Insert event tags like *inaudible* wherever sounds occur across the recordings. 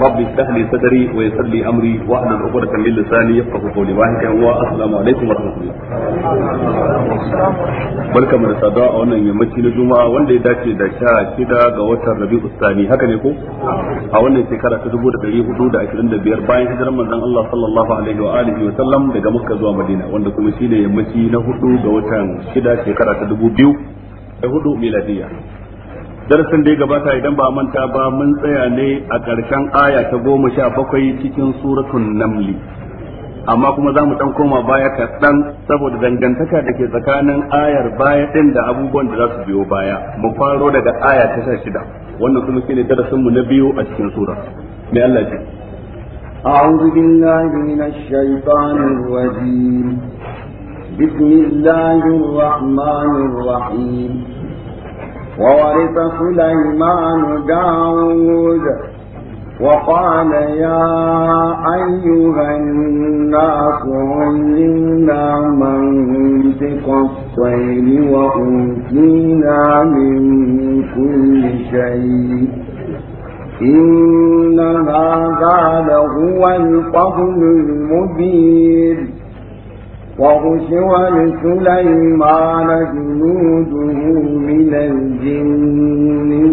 rabbi shrah li sadri wa yassir li amri wa ahlul 'uqdatan min lisani yafqahu qawli wa haka da sada a wannan yammaci na juma'a wanda ya dace da sha shida ga watan ne ko a wannan shekara ta 1425 bayan hijirar manzon Allah sallallahu daga Makka zuwa Madina wanda kuma shine yammaci na hudu ga watan shida shekara ta biyu da hudu miladiyya darasin da ya gabata idan ba manta ba mun tsaya ne a ƙarshen aya ta goma sha bakwai cikin suratun namli amma kuma za mu ɗan koma baya kaɗan saboda dangantaka da ke tsakanin ayar baya ɗin da abubuwan da za su biyo baya mu faro daga aya ta sha shida wannan kuma shine darasinmu na biyu a cikin sura mai Allah ce أعوذ بالله من الشيطان الرجيم بسم الله الرحمن الرحيم وورث سليمان داود وقال يا أيها الناس علمنا منطق الطير وأوتينا من كل شيء إن هذا لهو الفضل المبين وغشوا لسليمان جنوده من الجن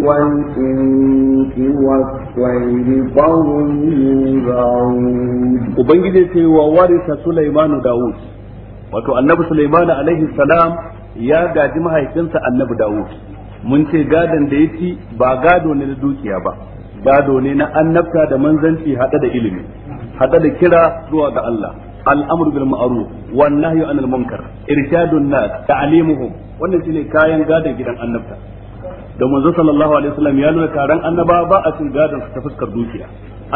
والإنس والطير فهم يوزعون وبنجد وورث سليمان داود wato annabi Sulaiman alaihi salam ya gaji mahaifinsa annabi Dawud mun ce gadon da yake ba gado ne na dukiya ba gado ne na annabta da manzanci hada da ilimi hada da kira zuwa ga Allah al'amur bil ma'aruf wan nahyu anil munkar irshadun nas ta'limuhum wannan shine kayan gadon gidan annabta da manzo sallallahu alaihi wasallam ya nuna taron annaba ba a cin gadon ta fuskar dukiya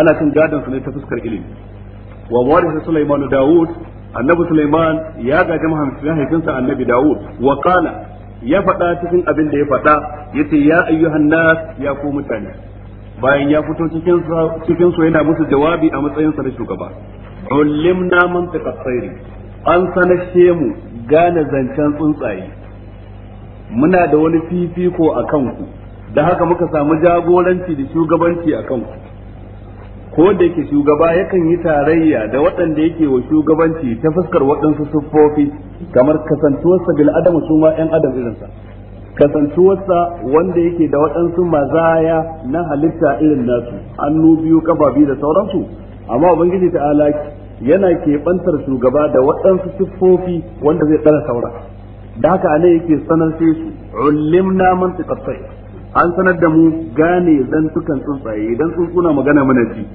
ana cin gadon su ne ta fuskar ilimi wa warisa sulaiman daud annabi sulaiman ya gaji mahaifinsa annabi dawud wa qala ya faɗa cikin abin da ya faɗa yace ya ayyuhan nas ya ku mutane bayan ya fito cikin cikin su yana musu jawabi a matsayinsa na shugaba ullimna mantiqa tsairi an sanashe mu gane zancen tsuntsaye muna da wani fifiko a kanku da haka muka samu jagoranci da shugabanci a kanku ko da yake shugaba yakan yi tarayya da waɗanda yake wa shugabanci ta fuskar waɗansu siffofi kamar kasantuwarsa bil adamu su ma 'yan adam irinsa kasantuwarsa wanda yake da waɗansu mazaya na halitta irin nasu annu biyu kaba biyu da sauransu amma ubangiji ta'ala yana keɓantar shugaba da waɗansu siffofi wanda zai ɗara saura da haka a yake sanar sai su naman mantu sai an sanar da mu gane zantukan tsuntsaye idan tsuntsuna magana mana ji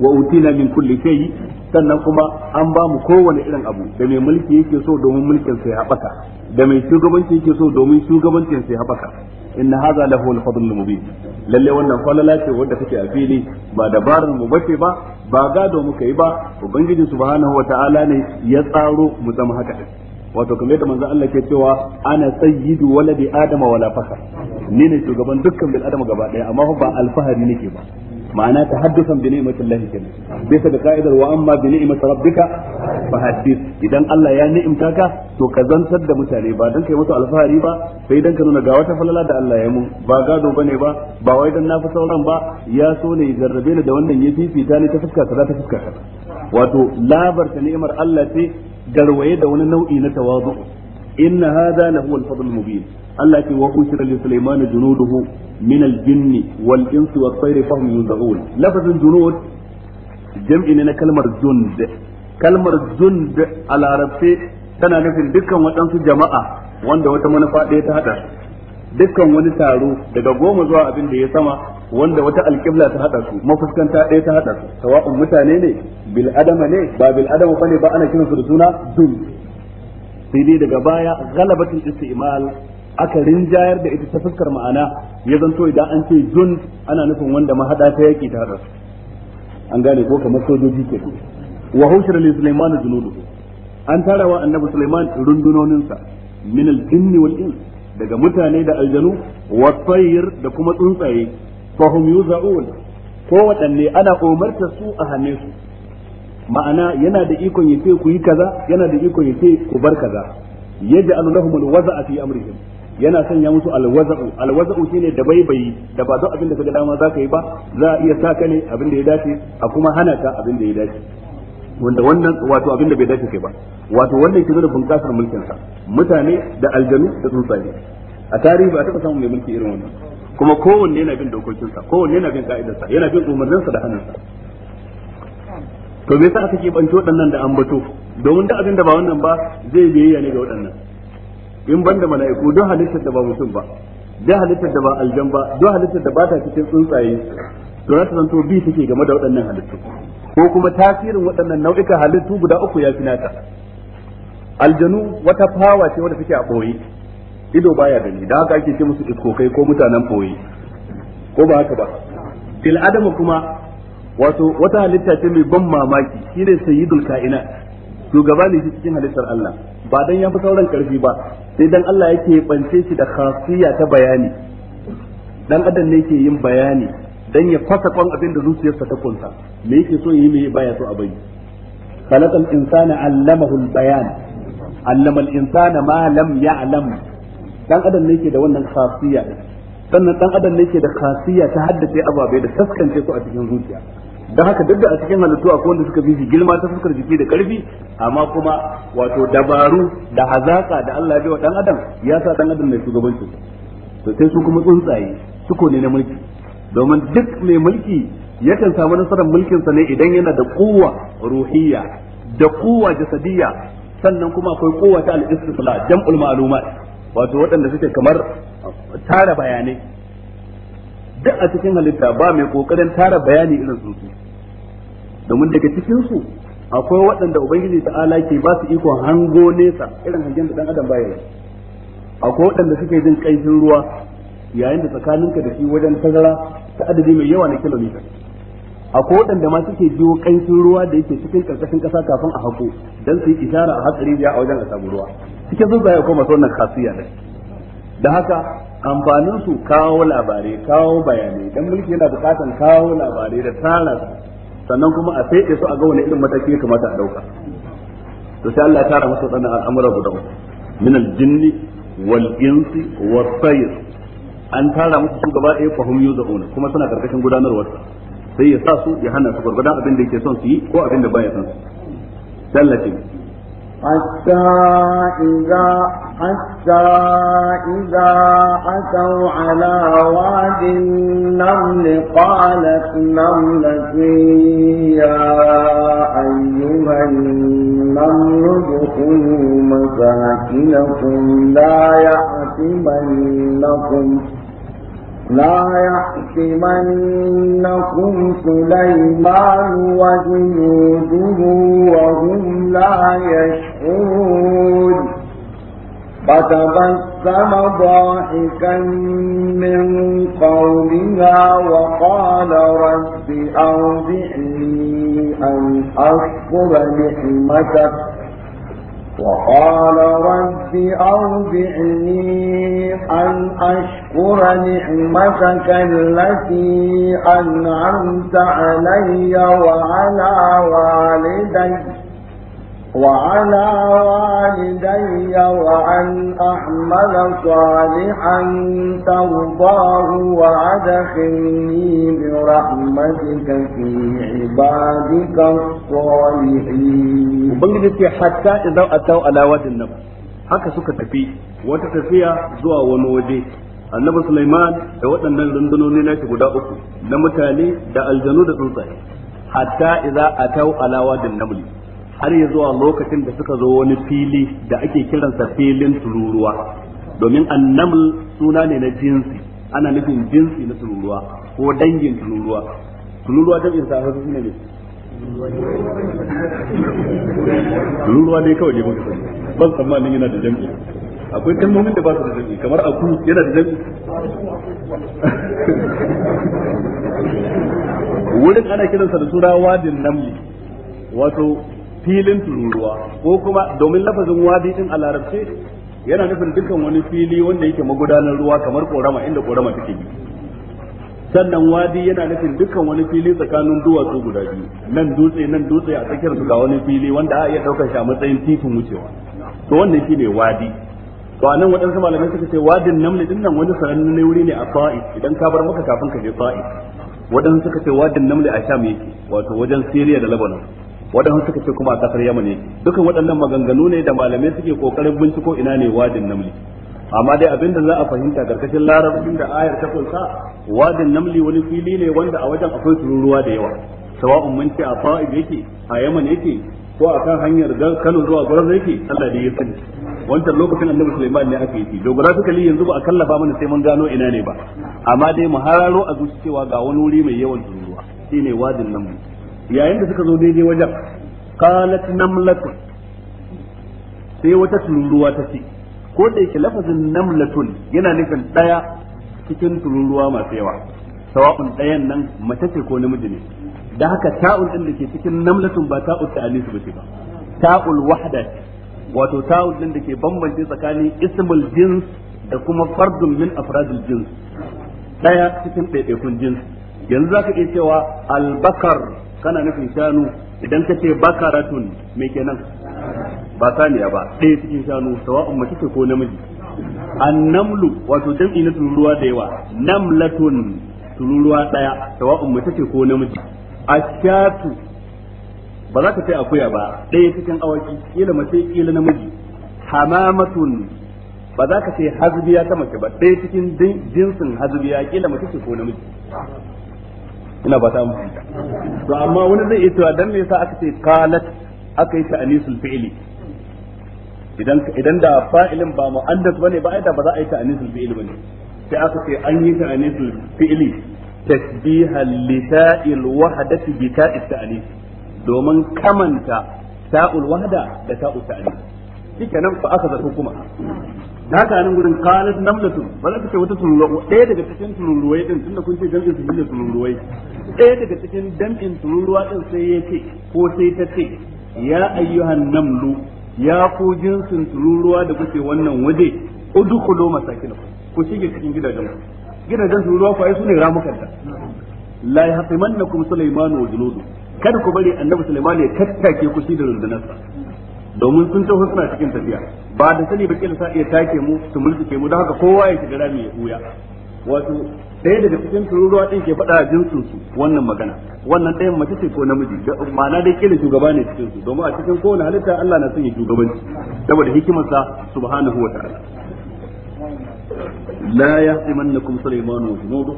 wa utina min kulli shay sannan kuma an ba mu kowane irin abu da mai mulki yake so domin mulkin sai haɓaka da mai shugabanci yake so domin shugabancin sai haɓaka inna haza la al-fadl al-mubin lalle wannan falala ce wanda take a fili ba dabarar mu bace ba ba gado muka yi ba ubangiji subhanahu wata'ala ne ya tsaro mu zama haka din wato kamar yadda manzon Allah ke cewa ana sayyidu waladi adama wala fakhar ni ne shugaban dukkan bil adama gaba daya amma ba alfahari nake ba ma'ana tahaddusan bi ni'matillahi kenan bisa da ka'idar wa amma bi ni'mat rabbika fa hadith idan Allah ya ni'imta ka to ka zantar da mutane ba dan kai musu alfahari ba sai dan ka nuna ga wata falala da Allah ya mun ba gado bane ba ba wai dan na fi sauran ba ya so ne jarrabe ni da wannan ya fifita ni ta fuska ta ta fuska wato labarta ni'imar Allah ce garwaye da wani nau'i na tawazu inna hadha lahu al-fadl mubin Allah ke wa ushira li Sulaiman junuduhu min al-jinn wal insi wat tayri fahum yunzahun lafazin junud jam'i ne na kalmar jund kalmar jund a larabce tana nufin dukkan waɗansu jama'a wanda wata manufa ɗaya ta haɗa dukkan wani taro daga goma zuwa abin da ya sama wanda wata alƙibla ta haɗa su mafuskanta ɗaya ta haɗa su sawa'un mutane ne bil adama ne ba bil adama bane ba ana kiransu da suna dun sai dai daga baya galabatul istimal aka rinjayar da ita ta fuskar ma'ana ya zanto idan an ce jun ana nufin wanda mahada ta yaki ta hada an gane ko kamar sojoji ke wa hushra li sulaiman junuduhu an tara wa annabi sulaiman rundunoninsa min al-jinni wal ins daga mutane da aljanu wa tayr da kuma tsuntsaye fa hum ko wadanne ana umarta su a hane su ma'ana yana da ikon yace ku yi kaza yana da ikon yace ku bar kaza yaj'alu lahum al-waza'a fi amrihim yana sanya musu alwaza'u alwaza'u shine da baibayi da ba duk abin da kaga dama ka yi ba za a iya saka ne abin da ya dace a kuma hana ka abin da ya dace wanda wannan wato abin da bai dace kai ba wato wannan ke da bunƙasar mulkin sa mutane da aljanu da tsuntsaye a tarihi ba a samu samun mai mulki irin wannan kuma kowanne yana bin dokokin sa kowanne yana bin sa yana bin umarninsa da sa. to me yasa aka banto dannan da ambato domin da abin da ba wannan ba zai biyayya ne ga waɗannan in banda mala'iku don halittar da ba mutum ba don halittar da ba aljan ba don halittar da ba ta cikin tsuntsaye to za ta zanto bi take game da waɗannan halittu ko kuma tasirin waɗannan nau'ikan halittu guda uku ya fi nata aljanu wata fawa ce wadda take a ɓoye ido baya gani da haka ake ce musu iskokai ko mutanen ɓoye ko ba haka ba fil adama kuma wato wata halitta ce mai ban mamaki shine sayyidul ka'inat shugaba ne cikin halittar Allah ba dan ya fi sauran karfi ba sai dan Allah yake bance shi da khasiyya ta bayani dan adam ne yake yin bayani dan ya fasa kwan abin da zuciyarsa ta kunsa me yake so yi me baya so a bai khalaqal insana allamahu albayan allama al-insana ma lam ya'lam dan adam ne yake da wannan khasiyya sannan dan adam ne yake da khasiyya ta haddace ababai da taskance su a cikin zuciya don haka duk da a cikin halittu akwai wanda suka fi shi girma ta fuskar jiki da karfi amma kuma wato dabaru da hazaka da Allah ya wa dan adam ya sa dan adam mai shugabanci to sai su kuma tsuntsaye suko ne na mulki domin duk mai mulki yakan samu nasarar mulkin sa ne idan yana da kowa ruhiyya da kowa jasadiyya sannan kuma akwai kowa ta al-istisla jam'ul ma'lumat wato waɗanda suke kamar tara bayanai duk a cikin halitta ba mai kokarin tara bayani irin su domin daga cikin su akwai waɗanda ubangiji ala ke ba su iko hango nesa irin hangen da dan adam baya yi akwai waɗanda suke jin kaifin ruwa yayin da tsakaninka da shi wajen tazara ta adadi mai yawa na kilomita akwai waɗanda ma suke jiwo kaifin ruwa da yake cikin karkashin ƙasa kafin a hako don su yi isara a hatsari biya a wajen a samu ruwa cikin tsuntsaye akwai masu wannan kasuwa ne da haka amfanin su kawo labarai kawo bayanai dan mulki yana bukatan kawo labarai da taras. sannan kuma a fede su a ga wani irin mataki ya kamata a dauka to sai Allah ya tara masa tsanan al'amura guda uku min al-jinni wal insi was sayr an tara musu su gaba ɗaya fahim yuzauna kuma suna karkashin gudanarwar sa sai ya sa su ya hana su gurgurdan abin da yake son su yi ko abin da baya son su sallatin حتى إذا حتى إذا أتوا على واد النمل قالت نملة يا أيها النمل ادخلوا مساكنكم لا يأتمنكم لا يحكمنكم سليمان وجنوده وهم لا يشعرون فتبسم ضاحكا من قولها وقال رب أرجعني أن أشكر نعمتك وقال رب أرجعني أن أشكر نعمتك التي أنعمت علي وعلى والدي وعلى والدي وأن أعمل صالحا ترضاه وأدخلني برحمتك في عبادك الصالحين وبنجد حتى إذا أتوا على واد النبي haka suka tafi wata tafiya zuwa wani waje annabi Sulaiman da waɗannan rundunoni na shi guda uku na mutane da aljanu da tsuntsaye hatta idza atau ala wadin namli har yi zuwa lokacin da suka zo wani fili da ake kiransa filin tururuwa domin annaml suna ne na jinsi ana nufin jinsi na tururuwa ko dangin tururuwa tururuwa ta bisa hausa suna ne tururuwa ne kawai ne muka sani ban tsammanin yana da jami'i akwai kalmomin da ba su da jami'i kamar aku yana da jami'i wurin ana kiransa da suna wadin namli wato filin tururuwa ko kuma domin lafazin wadi din a larabce yana nufin dukkan wani fili wanda yake magudanar ruwa kamar korama inda korama take bi sannan wadi yana nufin dukkan wani fili tsakanin duwatsu guda biyu nan dutse nan dutse a tsakiyar su ga wani fili wanda a iya daukar shi a matsayin titin wucewa to wannan shine wadi to anan wadansu malamai suka ce wadin namli din nan wani ne wuri ne a fa'i idan ka bar maka kafin ka je fa'i wadansu suka ce wadin namli a Sham yake wato wajen Syria da Lebanon waɗansu suka ce kuma a kasar yamma ne dukan waɗannan maganganu ne da malamai suke kokarin binciko ina ne wadin namli amma dai abin da za a fahimta karkashin larabcin da ayar ta kunsa wadin namli wani fili ne wanda a wajen akwai tururuwa da yawa sawa'un mun ce a fa'id yake a ne yake ko a kan hanyar Kano zuwa Gwarar yake Allah da ya sani wancan lokacin Annabi Sulaiman ne aka yi geographically yanzu ba a kallafa mana sai mun gano ina ne ba amma dai mu hararo a zuciya cewa ga wani wuri mai yawan tururuwa shine wadin namli yayin da suka zo daidai wajen qalat namlatu sai wata tururuwa ta ce ko da yake lafazin namlatun yana nufin daya cikin tururuwa masu yawa sawa'un dayan nan mace ce ko namiji ne da haka ta'ul din da ke cikin namlatun ba ta'ul ta'anis ba ce ba ta'ul wahda wato ta'ul din da ke bambance tsakanin ismul jins da kuma fardun min afradul jins daya cikin ɗaiɗaikun jins yanzu zaka iya cewa albakar kana nufin shanu idan ka ce karatun me kenan ba saniya ba ɗaya cikin shanu sawa'un mace ce ko namiji namlu wato jam'i na tururuwa da yawa namlatun tururuwa ɗaya sawa'un mace ce ko namiji A shatu ba za ka ce akuya ba ɗaya cikin awaki kila mace kila namiji hamamatun ba za ka ce hazbiya ta mace ba ɗaya cikin jinsin hazbiya kila mace ce ko namiji ina ba ta amfani to amma wani zai iya cewa dan me yasa aka ce qalat aka yi ta'anisul fi'li idan idan da fa'ilin ba mu'annas bane ba ai ba za a yi ta'anisul fi'li bane sai aka ce an yi ta'anisul fi'li tasbihan li ta'il wahdati bi ta'is ta'anis domin kamanta ta'ul wahda da ta'u ta'anis shikenan fa aka zato kuma da haka nan gurin qalat namlatu ba za ka ce wata tunuruwa ɗaya daga cikin tunuruwai din tunda kun ce jam'in su ne tunuruwai ɗaya daga cikin jam'in tunuruwa din sai ya ce ko sai ta ce ya ayyuhan namlu ya ku jinsin tururuwa da kuke wannan waje udkhulu masakinakum ku shige cikin gidajen ku gidajen tururuwa ku ai sune ramukanta la yahtimannakum sulaymanu wa juludu kada ku bari annabi sulaiman ya tattake ku shi da rundunarsa domin sun taho suna cikin tafiya ba da sani ba kila sa iya take mu su mulke mu don haka kowa ya shiga rami ya huya wato ɗaya daga cikin tururuwa ɗin ke faɗa jinsin su wannan magana wannan ɗayan mace ce ko namiji ma'ana dai kila shugaba ne cikin su domin a cikin kowane halitta Allah na sanya shugabanci saboda hikimarsa subhanahu wa ta'ala la yahtimannakum sulaymanu wa junudu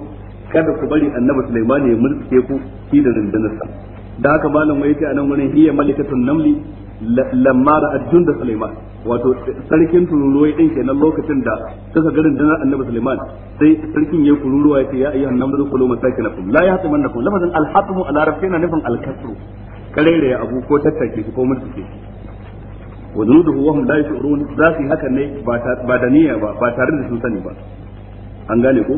kada ku bari annabi sulaiman ya mulke ku shi da rundunarsa da haka malam wai yace anan wurin hiya malikatun namli lamma da ajjun da Sulaiman wato sarkin tururuwai din kenan lokacin da suka garin dinar annabi Sulaiman sai sarkin yayi kururuwa yace ya ayyuhan namu kulu masakinakum la yahtamannakum lafazan al alhatmu ala rabbina nafan al-kasru karere ya abu ko tattake ko mutuke wa zunuduhu wa hum la yashurun za su hakan ne ba da niyya ba ba tare da sun sani ba an gane ko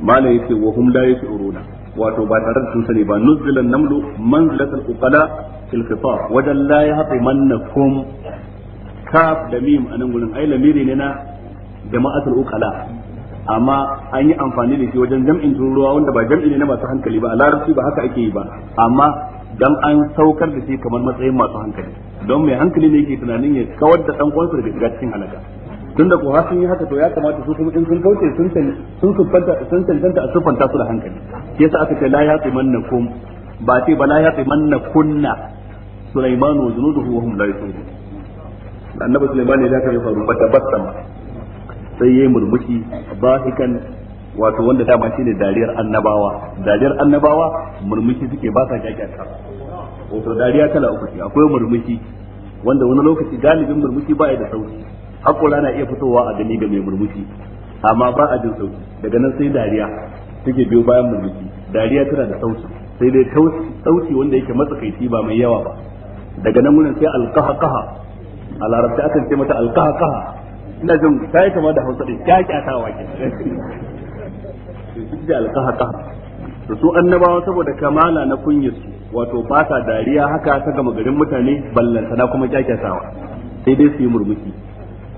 malai yace wa hum la yashuruna wato ba tare da sun sani ba nuzulan namlu manzilatul uqala fil qita wajen la mannakum kaf da mim anan gurin ai lamiri ne na jama'atul uqala amma an yi amfani da shi wajen jam'in tururuwa wanda ba jam'i ne na masu hankali ba a larabci ba haka ake yi ba amma dan an saukar da shi kamar matsayin masu hankali don mai hankali ne yake tunanin ya kawar da dan kwansa daga cikin halaka tun da kuwa sun yi haka to ya kamata su in sun kauce sun sun sun a sufanta su da hankali yasa aka ce la yatimannakum ba ce ba la yatimannakunna sulaiman wa junuduhu wa hum la yusirun annabi sulaiman ne da yi faru ba tabassama sai yayi murmushi bahikan wato wanda dama shine dariyar annabawa dariyar annabawa murmushi suke ba sa kyakkyata wato dariya kala uku akwai murmushi wanda wani lokaci galibin murmushi ba ya da sauki hakula na iya fitowa a gani ga mai murmushi amma ba a jin sauki daga nan sai dariya take biyo bayan murmushi dariya tana da sauki sai dai sauki wanda yake matsakaici ba mai yawa ba daga nan munan sai alqahqaha a larabci akan ce mata alqahqaha ina jin ta yi kama da hausa din kyakkyatawa ke duk da alqahqaha to su annabawa saboda kamala na kunyarsu wato ba dariya haka ta gama garin mutane ballantana kuma kyakkyatawa sai dai su yi murmushi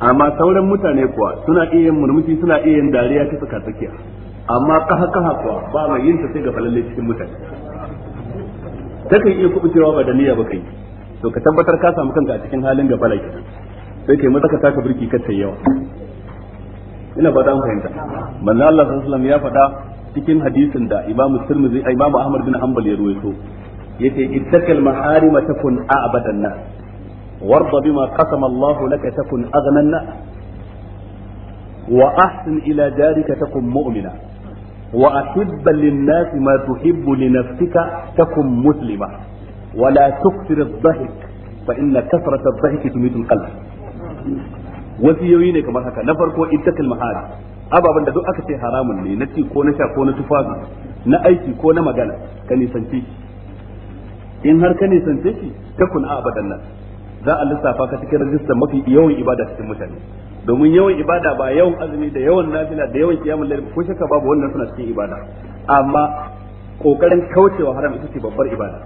amma sauran mutane kuwa suna iya yin murmushi suna iya yin dariya ta tsaka tsakiya amma kaha kaha kuwa ba mai yin ta sai ga falalle cikin mutane takan iya kubucewa ba da niyya ba kai to ka tabbatar ka samu kanka a cikin halin gaba falalle sai kai ta ka burki birki ka tayi yawa ina ba an fahimta manzo Allah sallallahu alaihi wasallam ya faɗa cikin hadisin da Imam Tirmidhi Imam Ahmad bin Hanbal ya ruwaito yace ittakal maharima takun a'badan nas warda bima qasama Allah laka takun aghnan nas wa ahsin ila jarika takun mu'mina wa ahibba lin-nas ma tuhibbu li takun muslima wa la tukthir adh-dhahik fa ne kamar haka na farko ittakal mahal ababen da duk aka ce haramun ne na ci ko na sha ko na tufafi na aiki ko na magana ka nisance shi in har ka nisance shi ta kun abadan nan za a lissafa ka cikin rajistar mafi yawan ibada cikin mutane domin yawan ibada ba yawan azumi da yawan nafila da yawan kiyamul layl ko shakka babu wannan suna cikin ibada amma kokarin kaucewa haram ita ce babbar ibada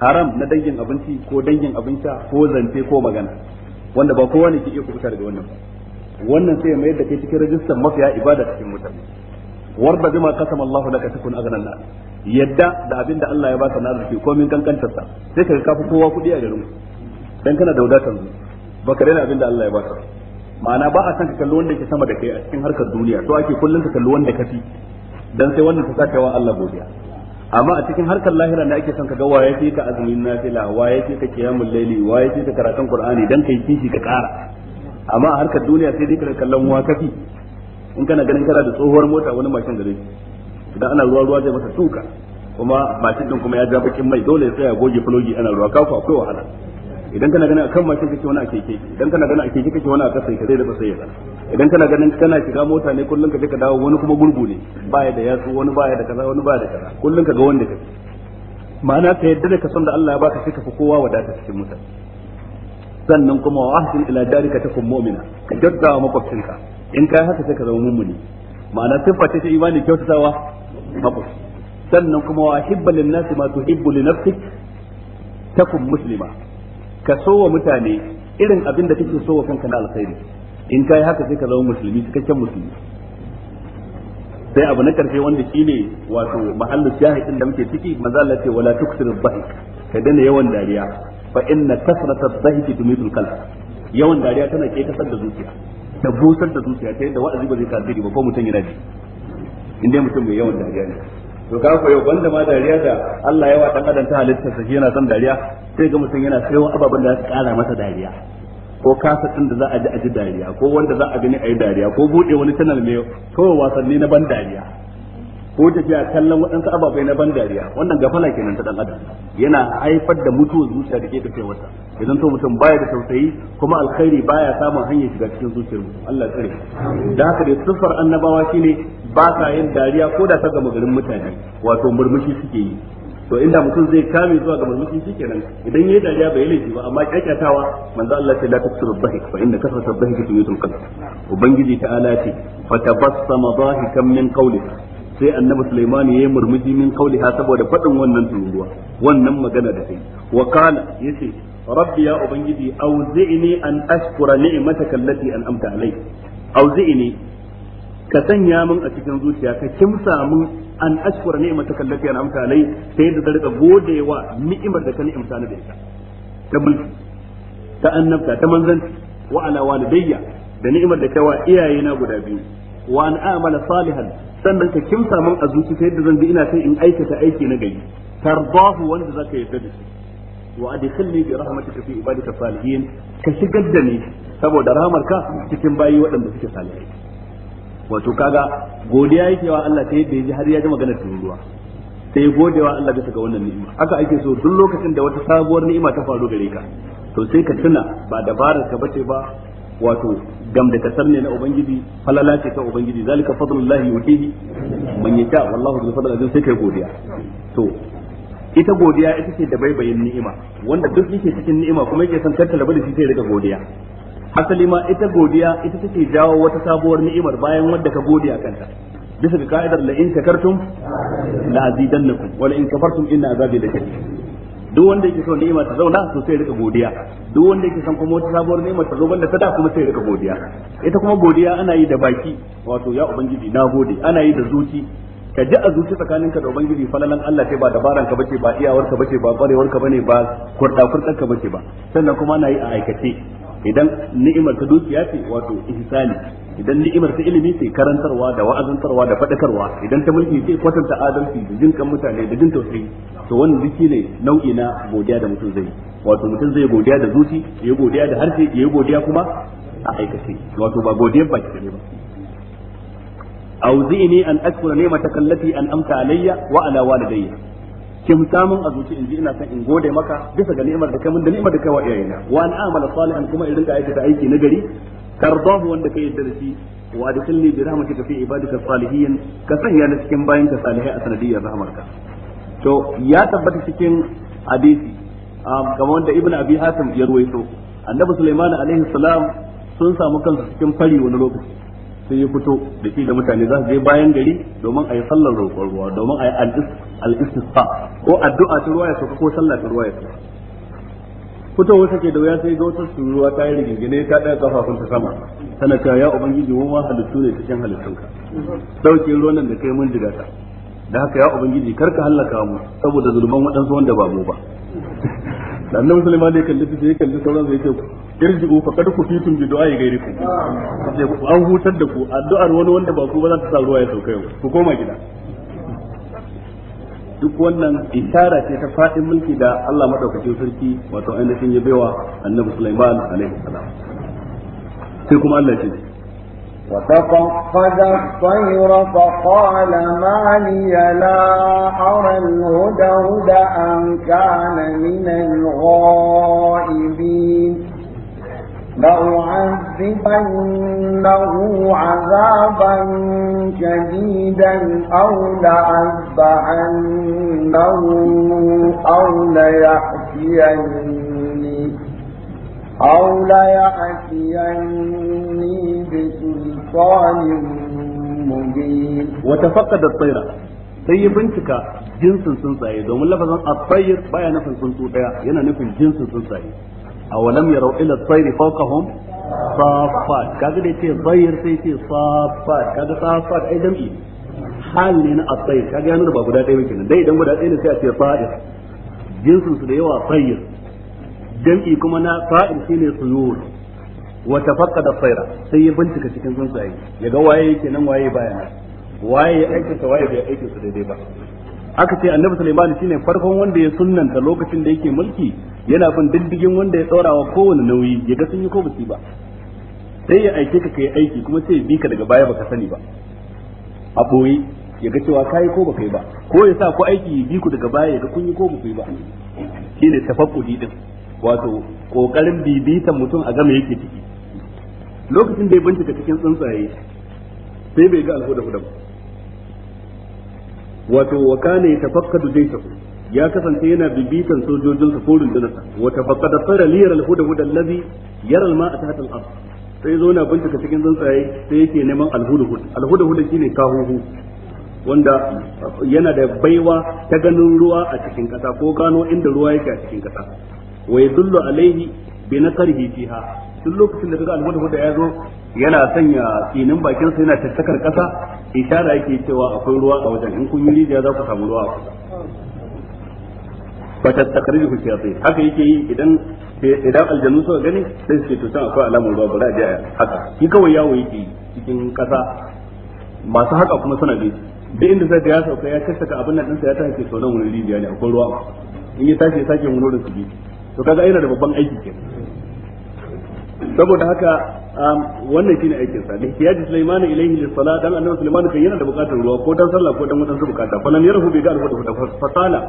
haram na dangin abinci ko dangin abinci ko zance ko magana wanda ba kowa ne ke iya kubuta daga wannan ba wannan sai ya mayar da kai cikin rajistar mafiya ibada cikin mutane warda bima qasama Allahu laka takun aghna nas yadda da abinda Allah ya baka na arziki komin kankantar sa sai ka kafa kowa kudi a garin ku dan kana da wadatar baka daina abin da Allah ya baka ma'ana ba a san ka kalli wanda ke sama da kai a cikin harkar duniya to ake kullun ka kalli wanda kafi dan sai wannan ta saka wa Allah godiya amma a cikin harkar lahira ne ake son ka ga waye fi ka azumin nafila waye fi ka qiyamul laili waye fi ka karatun qur'ani dan kai kishi ka kara amma a harkar duniya sai dai ka kallon wa kafi in kana ganin kana da tsohuwar mota wani mashin gare shi idan ana ruwa ruwa zai masa tuka kuma mashin din kuma ya ja bakin mai dole sai ya goge fulogi ana ruwa kafa akwai wahala idan kana ganin akan mashin kake wani a keke idan kana ganin a keke kake wani a kasan ka zai da sai ya idan kana ganin kana shiga mota ne kullun ka je ka dawo wani kuma gurgu ne baya da yatsu wani baya da kaza wani baya da kaza kullun ka ga wanda kake ma'ana ka yadda da ka san da Allah ya baka sai ka fi kowa wadata cikin mutane sannan kuma wa ahsin ila darika takum mu'mina ka jaddawa ka in kai haka sai ka zama mummuni ma'ana siffa ce ta imani kyautatawa makwabci sannan kuma wa hibba lin nasi ma tuhibbu li nafsik takum muslima ka so wa mutane irin abin da kake so wa kanka na alkhairi in kai haka sai ka zama musulmi cikakken musulmi sai abu na karfe wanda shine wato mahallu shahidin da muke ciki manzo Allah ce wala tuksir dhahik ka dana yawan dariya fa inna kasrata dhahik tumitul qalb yawan dariya tana ke kasar da zuciya da busar da zuciya ta yadda wa'azi ba zai tasiri ba ko mutum yana ji in dai mutum mai yawan dariya ne to ka yau banda ma dariya da Allah yawa dan adam ta halitta sa yana son dariya sai ga mutum yana sayo ababen da za kara masa dariya ko kasa kasatin da za a ji a ji dariya ko wanda za a gani a yi dariya ko bude wani channel mai kawai wasanni na ban dariya ko tafiya kallon waɗansu ababai na ban dariya wannan gafala kenan ta dan adam yana haifar da mutuwar zuciya da ke tafiyarsa idan to mutum baya da tausayi kuma alkhairi baya samun hanyar shiga cikin zuciyar mutum Allah tsare da haka dai siffar annabawa shine ba sa yin dariya ko da gama garin mutane wato murmushi suke yi to inda mutum zai kame zuwa ga murmushi shikenan idan yayi dariya bai laifi ba amma kyakkyatawa manzo Allah sai la tasru dhahik fa inna kasrata dhahik yutul qalb ubangiji ta ala ce fa tabassama dhahikan min qawlihi sai annabi Sulaiman yayi murmushi min qawliha saboda fadin wannan turuwa wannan magana da kai wa qala yace rabbi ya ubangiji auzi'ni an ashkura ni'mataka allati an'amta alayya auzi'ni ka sanya min a cikin zuciya ka kimsa min an ashkura ni'mataka allati an'amta alai sai da rika godewa ni'imar da ka ni'imta ni da ita ta mulki ta annabta ta manzanci wa ala walidayya da ni'imar da kawa na guda biyu wa an amala salihan sannan ka kimsa min a zuci sai da zan bi ina sai in aikata aiki na gari tarbahu wanda zaka yarda da shi wa adkhilni bi rahmatika fi ibadika salihin ka shigar da ni saboda rahmarka cikin bayi waɗanda suke salihai wato kaga godiya yake wa Allah ta yadda ya ji har ya ji maganar tururuwa sai gode wa Allah bisa ga wannan ni'ima haka ake so duk lokacin da wata sabuwar ni'ima ta faru gare ka to sai ka tuna ba dabarar ka bace ba wato gam da kasar ne na ubangiji falala ce ta ubangiji zalika fadlullah yutihi man yata wallahu bil fadl azim sai kai godiya to ita godiya ita ce da baibayin ni'ima wanda duk yake cikin ni'ima kuma yake son tattala da shi sai rika godiya asali ma ita godiya ita take jawo wata sabuwar ni'imar bayan wadda ka gode a kanta bisa ga ka'idar la in shakartum la azidannakum wa la in kafartum inna azabi lakabir duk wanda yake son ni'ima ta zauna to sai rika godiya duk wanda yake son kuma wata sabuwar ni'ima ta zo banda ta da kuma sai rika godiya ita kuma godiya ana yi da baki wato ya ubangiji na gode ana yi da zuci ka ji a zuci tsakaninka da ubangiji falalan Allah sai ba dabaran ka bace ba iyawar ka bace ba barewarka ka bane ba kurda kurdan ka bace ba sannan kuma ana yi a aikace idan ni'imar ta dukiya ce wato ihsani idan ni'imar ta ilimi ce karantarwa da wa'azantarwa da fadakarwa idan ta mulki ce kwatanta adalci da jin kan mutane da jin tausayi to wannan duk ne nau'i na godiya da mutum zai wato mutum zai godiya da zuci ya godiya da harshe ya godiya kuma a aikace wato ba godiyar baki ne ba أوزئني أن أشكر نعمتك التي أنعمت علي وعلى والدي kimsamin a zuci in ji ina son in gode maka bisa ga ni'imar da kai mun da ni'imar da kai wa iyayena wa an amala salihan kuma irin da rinka aikata aiki na gari tardahu wanda kai yarda da shi wa adkhilni bi rahmatika fi ibadika salihin ka sanya ni cikin bayin ka salihai a sanadiyyar rahmarka to ya tabbata cikin hadisi um, kamar wanda ibnu abi hatim ya ruwaito annabi sulaiman alaihi salam sun samu kansu cikin fari wani lokaci sai ya fito da shi da mutane za su je bayan gari domin a yi sallar roƙon ruwa domin a yi al ko addu'a ta ruwa ya sauka ko sallar ta ruwa ya sauka fitowar ke da wuya sai ga wata suruwa ta yi rigingine ta ɗaya kafafun ta sama tana cewa ya ubangiji mu ma halittu ne cikin halittunka dauke ruwan nan da kai mun jiga ta da haka ya ubangiji kar ka halaka mu saboda zulman waɗansu wanda ba mu ba da annabi Sulaiman da ya kalli su ya kalli sauran sai irji'u faqad kufitum bi du'a'i ghairikum sai ku an hutar da ku addu'ar wani wanda ba ku ba za ta sa ruwa ya sauka yau ku koma gida duk wannan isara ce ta fadin mulki da Allah madaukakin sarki wato ainihin ya baiwa annabi Sulaiman alaihi salam sai kuma Allah ya ce وتفقد الطير فقال ما لي لا أرى الهدهد أن كان من الغائبين لأعذبنه عذابا شديدا أو لأذبحنه أو ليأتيني أو ليأتيني بسلطان مبين وتفقد الطيرة sai ya bincika jinsin tsuntsaye domin lafazin at-tayr baya nufin tsuntsu daya yana nufin jinsin tsuntsaye walam ya ila at-tayri fawqahum safat kaga da yace tayr sai yace safat kaga safat ai jam'i hal ne na at-tayr kaga yana ba guda ɗaya kenan dai idan guda ɗaya ne sai a ce sa'ir jinsin su da yawa tayr jam'i kuma na sa'ir shine tsuyur wa tafaqqada sayra sai ya bincika cikin tsuntsaye ya ga waye yake nan waye baya nan waye ya aikin sa waye bai aika sa daidai ba aka ce annabi sulaiman shine farkon wanda ya sunnanta lokacin da yake mulki yana bin diddigin wanda ya tsaurawa kowane nauyi ya ga sun yi ko ba ba sai ya aike ka kai aiki kuma sai bi ka daga baya baka sani ba a boye ya ga cewa kai ko baka yi ba ko ya sa ku aiki ya bi ku daga baya ya ga kun yi ko ba yi ba shine tafakkudi din wato kokarin bibitan mutum a game yake ciki lokacin da ya bincika cikin tsuntsaye sai bai ga alhuda huda ba wato wa kana yatafaqqadu daytahu ya kasance yana bibitan sojojinsa ko rundunarsa wa tafaqqada sara liyar alhuda huda allazi yara alma'a tahta al-ard sai zo na bincika cikin tsuntsaye sai yake neman alhuda huda alhuda huda shine kahuhu wanda yana da baiwa ta ganin ruwa a cikin kasa ko gano inda ruwa yake a cikin kasa wa yadullu alaihi bi naqrihi fiha duk lokacin da kaga alhuda ya zo yana sanya tsinin bakin sa yana tattakar kasa ishara yake cewa akwai ruwa a wajen in kun yi rijiya za ku samu ruwa ba ta fa ku shayatin haka yake yi idan idan aljanu suka gani sai ce to san akwai alamar ruwa za a je haka shi kawai yawo yake cikin kasa masu haka kuma suna bi duk inda sai ya sauka ya tattaka abin nan dinsa ya tashi to nan wurin rijiya ne akwai ruwa in ya tashi ya sake wurin su bi to kaga yana da babban aiki kenan saboda haka um, wannan shine aikin sa da hiyaji Sulaiman ilaihi lis salat dan annabi Sulaiman kan yana da bukatar ruwa ko dan sallah ko dan wata su bukata falan yarhu bi ga alhuda huda fasala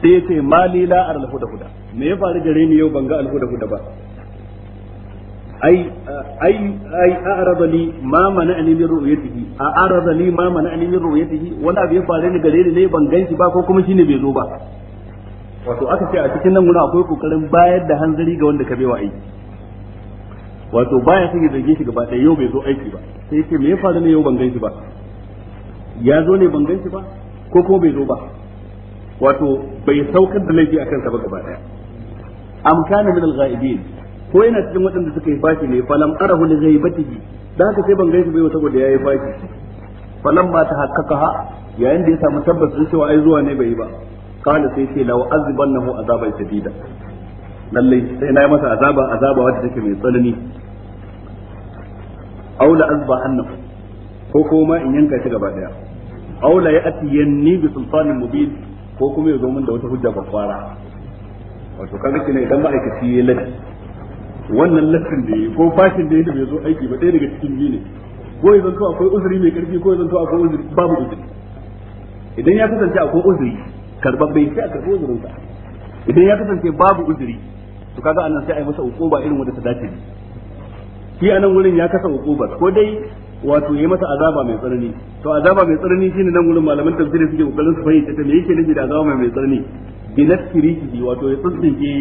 sai yace mali la ar alhuda huda me ya faru gare ni yau ban ga alhuda huda ba ai ai ai a'rada li ma mana ani min ru'yatihi a a'rada li ma mana ani min ru'yatihi wanda bai faru ni gare ni ne ban ganshi ba ko kuma shine bai zo ba wato aka ce a cikin nan gurin akwai kokarin bayar da hanzari ga wanda ka bai wa aiki wato baya son ya zarge shi gaba ɗaya yau bai zo aiki ba sai ya ce me ya faru ne yau ban ganshi ba ya zo ne ban ganshi ba ko kuma bai zo ba wato bai saukar da laifi a kansa ba gaba ɗaya am kana min al-ghaibin ko yana cikin waɗanda suka yi fashi ne falam arahu li ghaibatihi da haka sai ban ganshi shi bai saboda yayi fashi falam ba ta haqqaqaha yayin da ya samu tabbacin cewa ai zuwa ne bai yi ba kana sai ce law azbannahu azaban shadida lalle sai na yi masa azaba azaba wacce take mai tsanani aula azba annab ko kuma in yanka shi gaba daya aula ya atiyanni bi sultanin mubin ko kuma ya zo min da wata hujja fara wato kaga ne idan ma'aikaci ya lati wannan lafin da yi ko fashin da yi da bai zo aiki ba ɗaya daga cikin biyu ne ko ya zanto akwai uzuri mai karfi ko ya zanto akwai uzuri babu uzuri idan ya kasance akwai uzuri karɓar bai sai a karɓi uzurin sa idan ya kasance babu uzuri to kaga annan sai a yi masa ukuba irin wanda ta dace shi anan wurin ya kasa ukuba ko dai wato yi masa azaba mai tsanani to azaba mai tsanani shine nan wurin malaman tafsiri suke kokarin su fahimta ta me yake nufi da azaba mai tsanani bi nasfiriki wato ya tsinke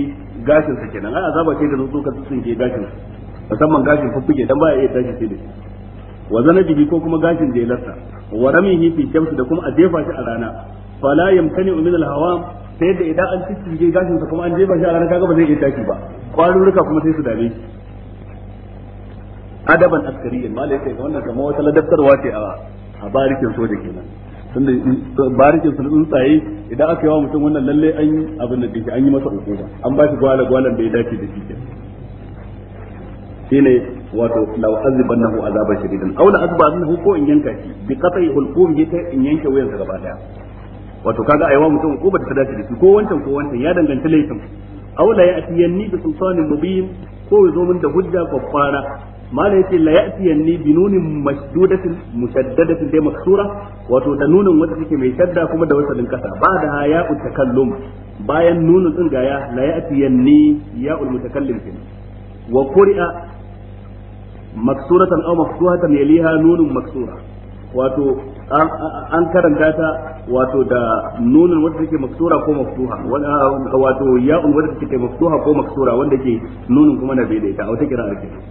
gashin sa kenan ai azaba ce da zo ka tsinke gashin musamman gashin fuffuke dan baya iya tashi sai da wa zanabihi ko kuma gashin da ya lassa wa ramihi fi shamsi da kuma a jefa shi a rana fala yamtani min al-hawam ta yadda idan an cikin gashin sa kuma an jefa shi a ranar kaga ba zai iya tashi ba kwarurruka kuma sai su dame shi adaban askariyin ma laifin ga wannan kamar wata ladabtarwa ce a barikin soja kenan tunda barikin su tsuntsaye idan aka yawa mutum wannan lalle an yi abin da dake an yi masa hukuma an ba shi gwala gwalan da ya dace da shi kenan shine wato law azibannahu azaban shadidan aw la azbannahu ko in yanka shi bi qatai hulqum yake in yanke sa gaba daya wato kaga aiwa mutum ko bata dace da shi ko wancan ko wancan ya danganci laifin aula ya atiyanni bi sultanin mubin ko ya min da hujja kwakwara mala yace la ya'tiyanni bi nunin mashdudatin mushaddadatin dai maksura wato da nunin wata take mai shadda kuma da wasalin kasa ba da ya utakallum bayan nunin din gaya la ya'tiyanni ya ul mutakallim kin wa quri'a maksuratan aw mafsuhatan yaliha nunun maksura wato an karanta ta wato da nunin wadda take maksura ko maksuha ah, wato ya'un wadda take maksuha ko maksura wanda ke nunin kuma na daidaita a wata kira kenan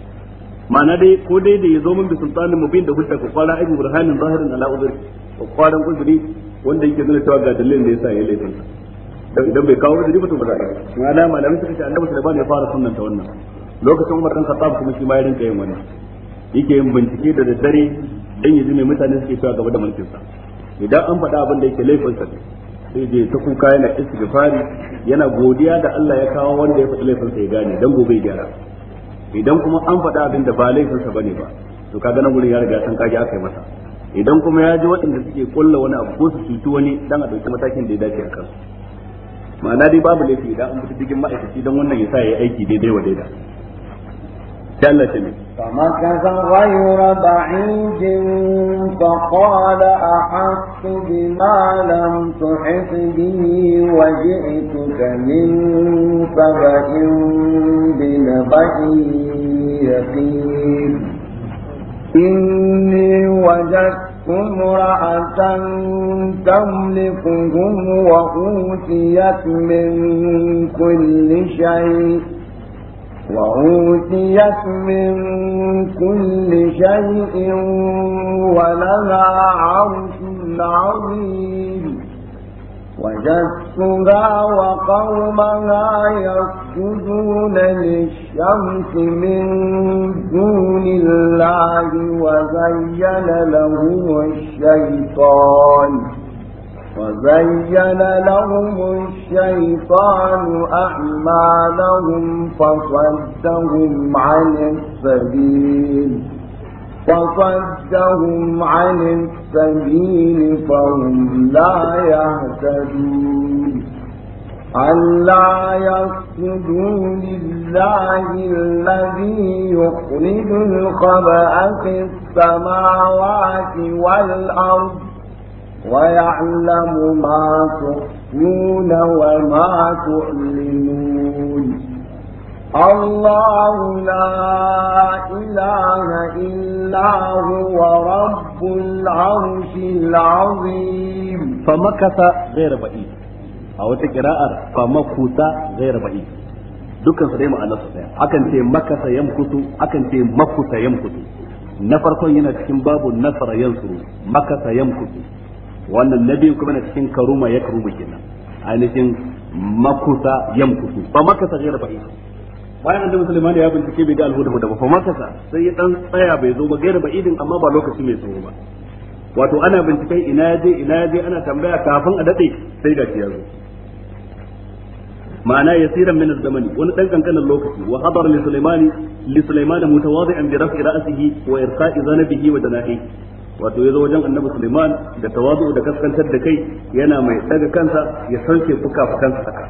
ma'ana dai ko dai da ya zo min bi sultanin mubin da hujja ko kwala ibn burhanin zahirin ala udri ko kwaran uzuri wanda yake nuna cewa ga dalilin da yasa ya laifin dan idan bai kawo udri ba to ba za a yi ma'ana malamin suka ce annabi sallallahu alaihi ya fara ta wannan lokacin Umar dan Khattab kuma shi ma ya rinka yin wannan yake yin bincike da daddare dan yanzu mai mutane suke cewa gaba da mulkin sa idan an faɗa abin da yake laifin sa sai je ta kuka yana istighfari yana godiya da Allah ya kawo wanda ya faɗi laifin sa ya gane dan gobe ya gyara idan kuma an faɗa abin da ba laifin sa bane ba to kaga nan gurin ya riga san kage aka yi masa idan kuma ya ji waɗanda suke kulla wani abu ko su cuci wani dan a ɗauki matakin da ya dace a kan ma'ana dai babu laifi idan an fita cikin ma'aikaci don wannan ya sa ya aiki daidai wa daida Allah ce ne فمكث غير بعيد فقال أحط بما لم تحط به وجئتك من سبأ بنبأ يقين إني وجدت امرأة تملكهم وأوتيت من كل شيء وأوتيت من كل شيء ولها عرش عظيم وجدتها وقومها يسجدون للشمس من دون الله وزين لهم الشيطان وزين لهم الشيطان أعمالهم فصدهم عن السبيل فصدهم عن السبيل فهم لا يهتدون ألا يسجدوا لله الذي يخرج الخبأ في السماوات والأرض ويعلم ما تخفون وما تعلنون الله لا إله إلا هو رب العرش العظيم فمكث غير بعيد أو تقراء فمكث غير بعيد dukkan su dai ma'anar su ɗaya akan ce makasa yamkutu akan ce makusa yamkutu na farkon yana cikin babu nasara yansuru makasa yamkutu wannan na biyu kuma na cikin karuma ya karuma kenan ainihin makusa yamkusu ba makasa ghayra ba'id bayan annabi Sulaiman ya bincike bai ga alhuda da ba fa makasa sai ya dan tsaya bai zo ba ba ba'idin amma ba lokaci mai tsoro ba wato ana binciken ina je ina je ana tambaya kafin a dade sai gashi ya zo ma'ana yasiran min az-zamani wani dan kankanin lokaci wa hadar li sulaimani li sulaimana mutawadi'an bi raf'i ra'sihi wa irqa'i zanabihi wa janahi wato ya zo wajen annabi Suleiman da tawazu da kaskantar da kai yana mai daga kansa ya sauke fuka-fukansa haka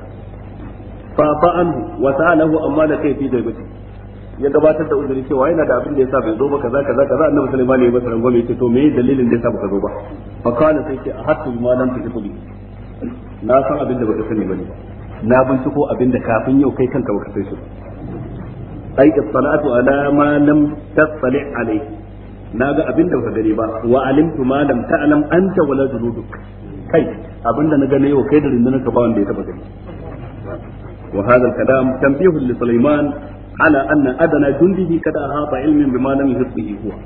fa fa'anhu wa sa'alahu amma da kai fi gaibati ya gabatar da uzuri cewa yana da abin da yasa bai zo ba kaza kaza kaza annabi Suleiman ya yi masa rangwame yace to me dalilin da yasa baka zo ba fa kana sai ce a ahattu ma lam tuhibbi na san abin da baka sani bane na binciko abin da kafin yau kai kanka baka sai shi ba ai salatu ala ma lam tattali' alayhi na ga abin da baka gani ba wa alimtu ma lam ta'lam anta wala junuduk kai abin da na gani yau kai da rundunar ka ba wanda ya taba gani wa hadha al-kalam tanbihu li Sulaiman ala anna adana jundihi kad ahata ilmin bima lam yuhitihi huwa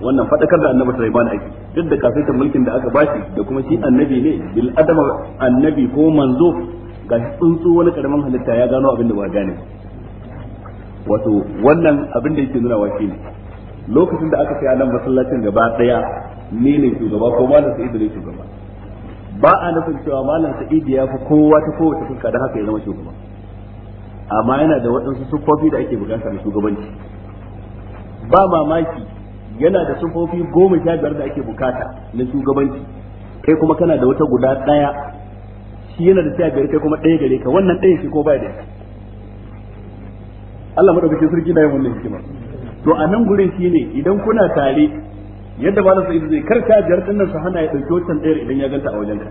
wannan fadakar da annabi Sulaiman ake duk da kafaitar mulkin da aka bashi da kuma shi annabi ne bil adama annabi ko manzo ga tsuntsu wani karamin halitta ya gano abin da ba gane wato wannan abin da yake nuna wa ne lokacin da aka kai nan masallacin gaba daya ni ne shugaba ko malam sa'idu ne shugaba ba a nufin cewa malam sa'idu ya fi kowa ta kowace fuska da haka ya zama shugaba amma yana da waɗansu sufofi da ake bukata da shugabanci ba mamaki yana da sufofi goma sha biyar da ake bukata na shugabanci kai kuma kana da wata guda ɗaya shi yana da sha biyar kai kuma ɗaya gare ka wannan ɗaya shi ko ba da Allah madaukakin sarki da yin wannan hikimar to a nan gurin ne idan kuna tare yadda ba sai zai karka jar dinnan su hana ya ɗauki wancan ɗayar idan ya ganta a wajen ka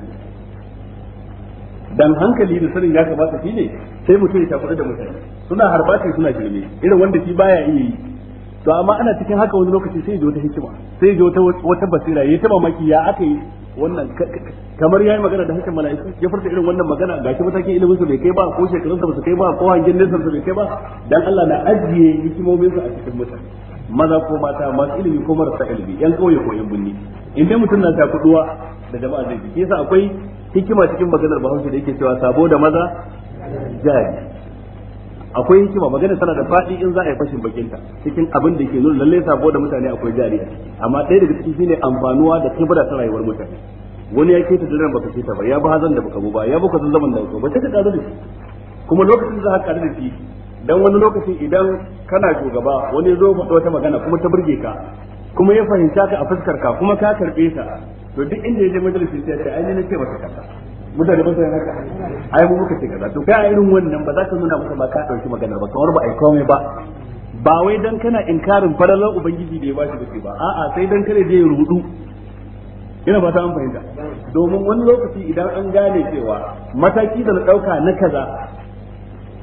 dan hankali da sanin ya kamata shine sai mutum ya tafi da mutane suna harba harbati suna girme irin wanda shi baya iya yi to amma ana cikin haka wani lokaci sai ya ji wata hikima sai ya ji wata basira ya ta mamaki ya aka yi wannan kamar yayi magana da hakan mala'iku ya farka irin wannan magana ga shi matakin ilimin su bai kai ba ko shekarun sa ba su kai ba ko hangen nesa su bai kai ba dan Allah na ajiye hikimomin su a cikin mutane maza ko mata masu ilimi ko marasa ilimi yan kauye ko yan binni in dai mutum na ta kuduwa da jama'a zai ji yasa akwai hikima cikin maganar Bahaushe da yake cewa sabo da maza jari akwai hikima magana tana da faɗi in za a yi fashin bakin ta cikin abin da ke nuna lalle sabo da mutane akwai jari amma ɗaya daga cikin shine amfanuwa da kibra ta rayuwar mutane wani ya keta da baka keta ba ya ba hazan da baka ba ya baka zaman da ba ta da shi kuma lokacin za ka da shi dan wani lokaci idan kana shugaba wani zo ba wata magana kuma ta burge ka kuma ya fahimta ka a fuskar ka kuma ka karbe ta to duk inda ya je majalisin sai ya ce ai ne ce masa kaza mutane ba su yana ka ai mu muka ce kaza to kai a irin wannan ba za ka nuna masa ba ka dauki magana ba kamar ba ai komai ba ba wai dan kana inkarin falalar ubangiji da ya bashi da ba a'a sai dan kare je rudu ina ba ta an fahimta domin wani lokaci idan an gane cewa mataki da na dauka na kaza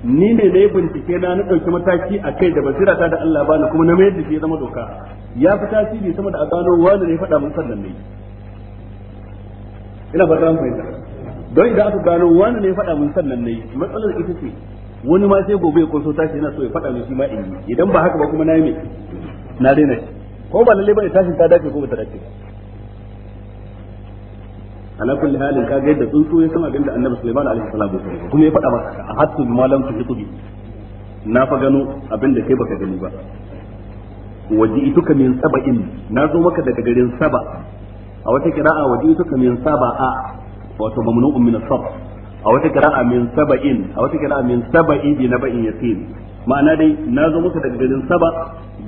ni ne na yi bincike na na ɗauki mataki a kai da basira ta da Allah bani kuma na mayar da shi zama doka ya fi tasiri sama da a gano wani ne faɗa mun sannan ne ina ba ta an fahimta don idan aka gano wani ne faɗa mun sannan ne matsalar ita ce wani ma sai gobe ya kunso tashi yana so ya faɗa mun shi ma in yi idan ba haka ba kuma na yi mai na daina shi ko ba lalle bane tashin ta dace ko ba ta dace ala kulli halin kaga yadda tsuntsu ya san da annabi Sulaiman alaihi salatu wasallam kuma ya faɗa ba a hatta malam malam tuhitu bi na fa gano abin da kai baka gani ba ituka min saba'in na zo maka daga garin saba a wata kira'a ituka min saba'a wato mamnu'un min as-sabr a wata qira'a min saba'in a wata qira'a min saba'i bi naba'in yaqin ma'ana dai na zo muka daga garin saba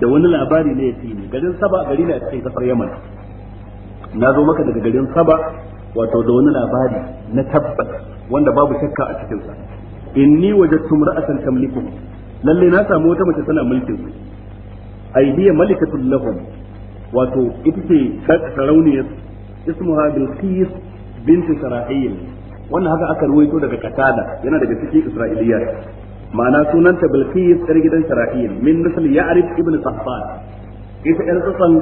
da wani labari ne yaqini garin saba gari ne a cikin kasar yaman na zo maka daga garin saba wato da wani labari na tabbas wanda babu shakka a cikin sa inni wajadtu ra'atan tamlikum lalle na samu wata mace tana mulkin su ai hiya malikatul lahum wato ita ce sarauniyar ismuha bilqis bint sarahil wanda haka aka ruwaito daga katada yana daga cikin isra'iliyat ma'ana sunanta bilqis yar gidan sarahil min misl ya'rif ibn sahfan ita yar tsatsan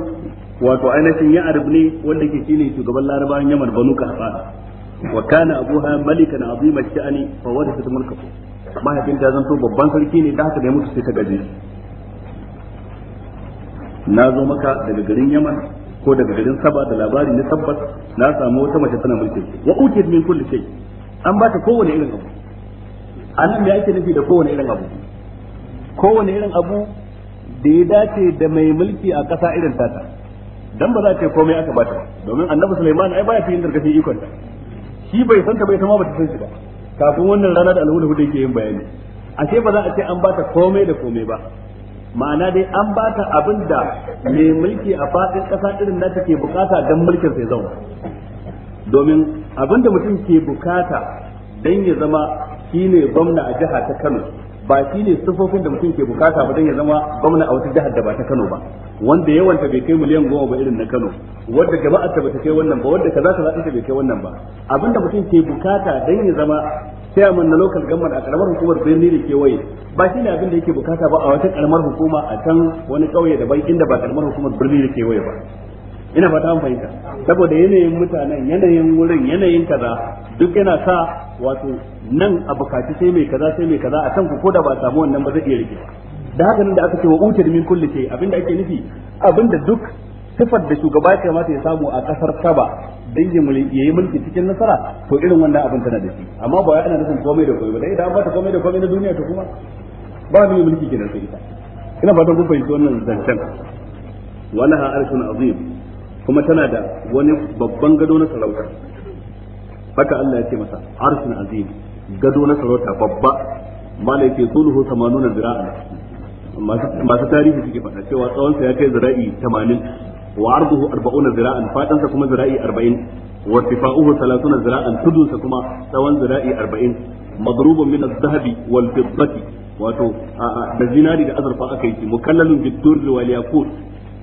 wato ainihin ya'rif ne wanda ke ne shugaban larabawan yaman banu kahfan wa kana abuha malikan azima sha'ani fa wadathat mulkahu mahaifinta ya zanto babban sarki ne da haka da mutu sai ta gaje na zo maka daga garin yaman ko daga garin saba da labari na tabbas na samu wata mace tana mulki wa uke min kulli shay an ba ta kowane irin abu anan me ake nufi da kowane irin abu kowane irin abu da ya dace da mai mulki a ƙasa irin tata dan ba za ta komai aka bata ba domin annabi Sulaiman ai baya da gashi ikon ta shi bai san ta bai ta ma bata san shi ba kafin wannan rana da alhuda hudu yake yin bayani ashe ba za a ce an ba ta komai da komai ba ma'ana dai an ba ta abin da mai mulki a faɗin ƙasa irin na ke bukata don mulkin sai zauna domin abin da mutum ke bukata don ya zama shine gwamna a jiha ta Kano ba shi ne sufofin da mutum ke bukata ba don ya zama gwamna a wata jihar da ba ta Kano ba wanda yawanta bai kai miliyan goma ba irin na Kano wadda jama'ar ta bata kai wannan ba wadda kaza kaza ta bai kai wannan ba abin da mutum ke bukata don ya zama chairman na local government a karamar hukumar birni da ke waye ba shi ne abin da yake bukata ba a wata karamar hukuma a can wani kauye daban inda ba karamar hukumar birni da ke waye ba ina fata an fahimta saboda yanayin mutanen yanayin wurin yanayin kaza duk yana sa wato nan a bukaci sai mai kaza sai mai kaza a can ku koda ba samu wannan ba zai iya rike da haka nan da aka ce wa utar min kulli shay abinda ake nufi abin da duk sifar da shugaba ya kamata ya samu a kasar saba dan ya yayi mulki cikin nasara to irin wannan abin tana da shi amma ba wai ana nufin komai da komai ba dai idan ba ta komai da komai na duniya to kuma ba ni yi mulki kenan sai ita ina fatan kun fahimci wannan zancen wala ha arshun azim kuma tana da wani babban gado na sarauta haka Allah ya ce masa arshun azim gado na sarauta babba mala yake sulhu 80 zira'a masu tarihi suke faɗa cewa tsawon sa ya kai zira'i 80 wa arduhu 40 zira'an fadan sa kuma zira'i 40 wa tifa'uhu 30 zira'an tudun sa kuma tsawon zira'i 40 madrubun min wato da zinari da azurfa aka yi mukallalun bid-durr yaqut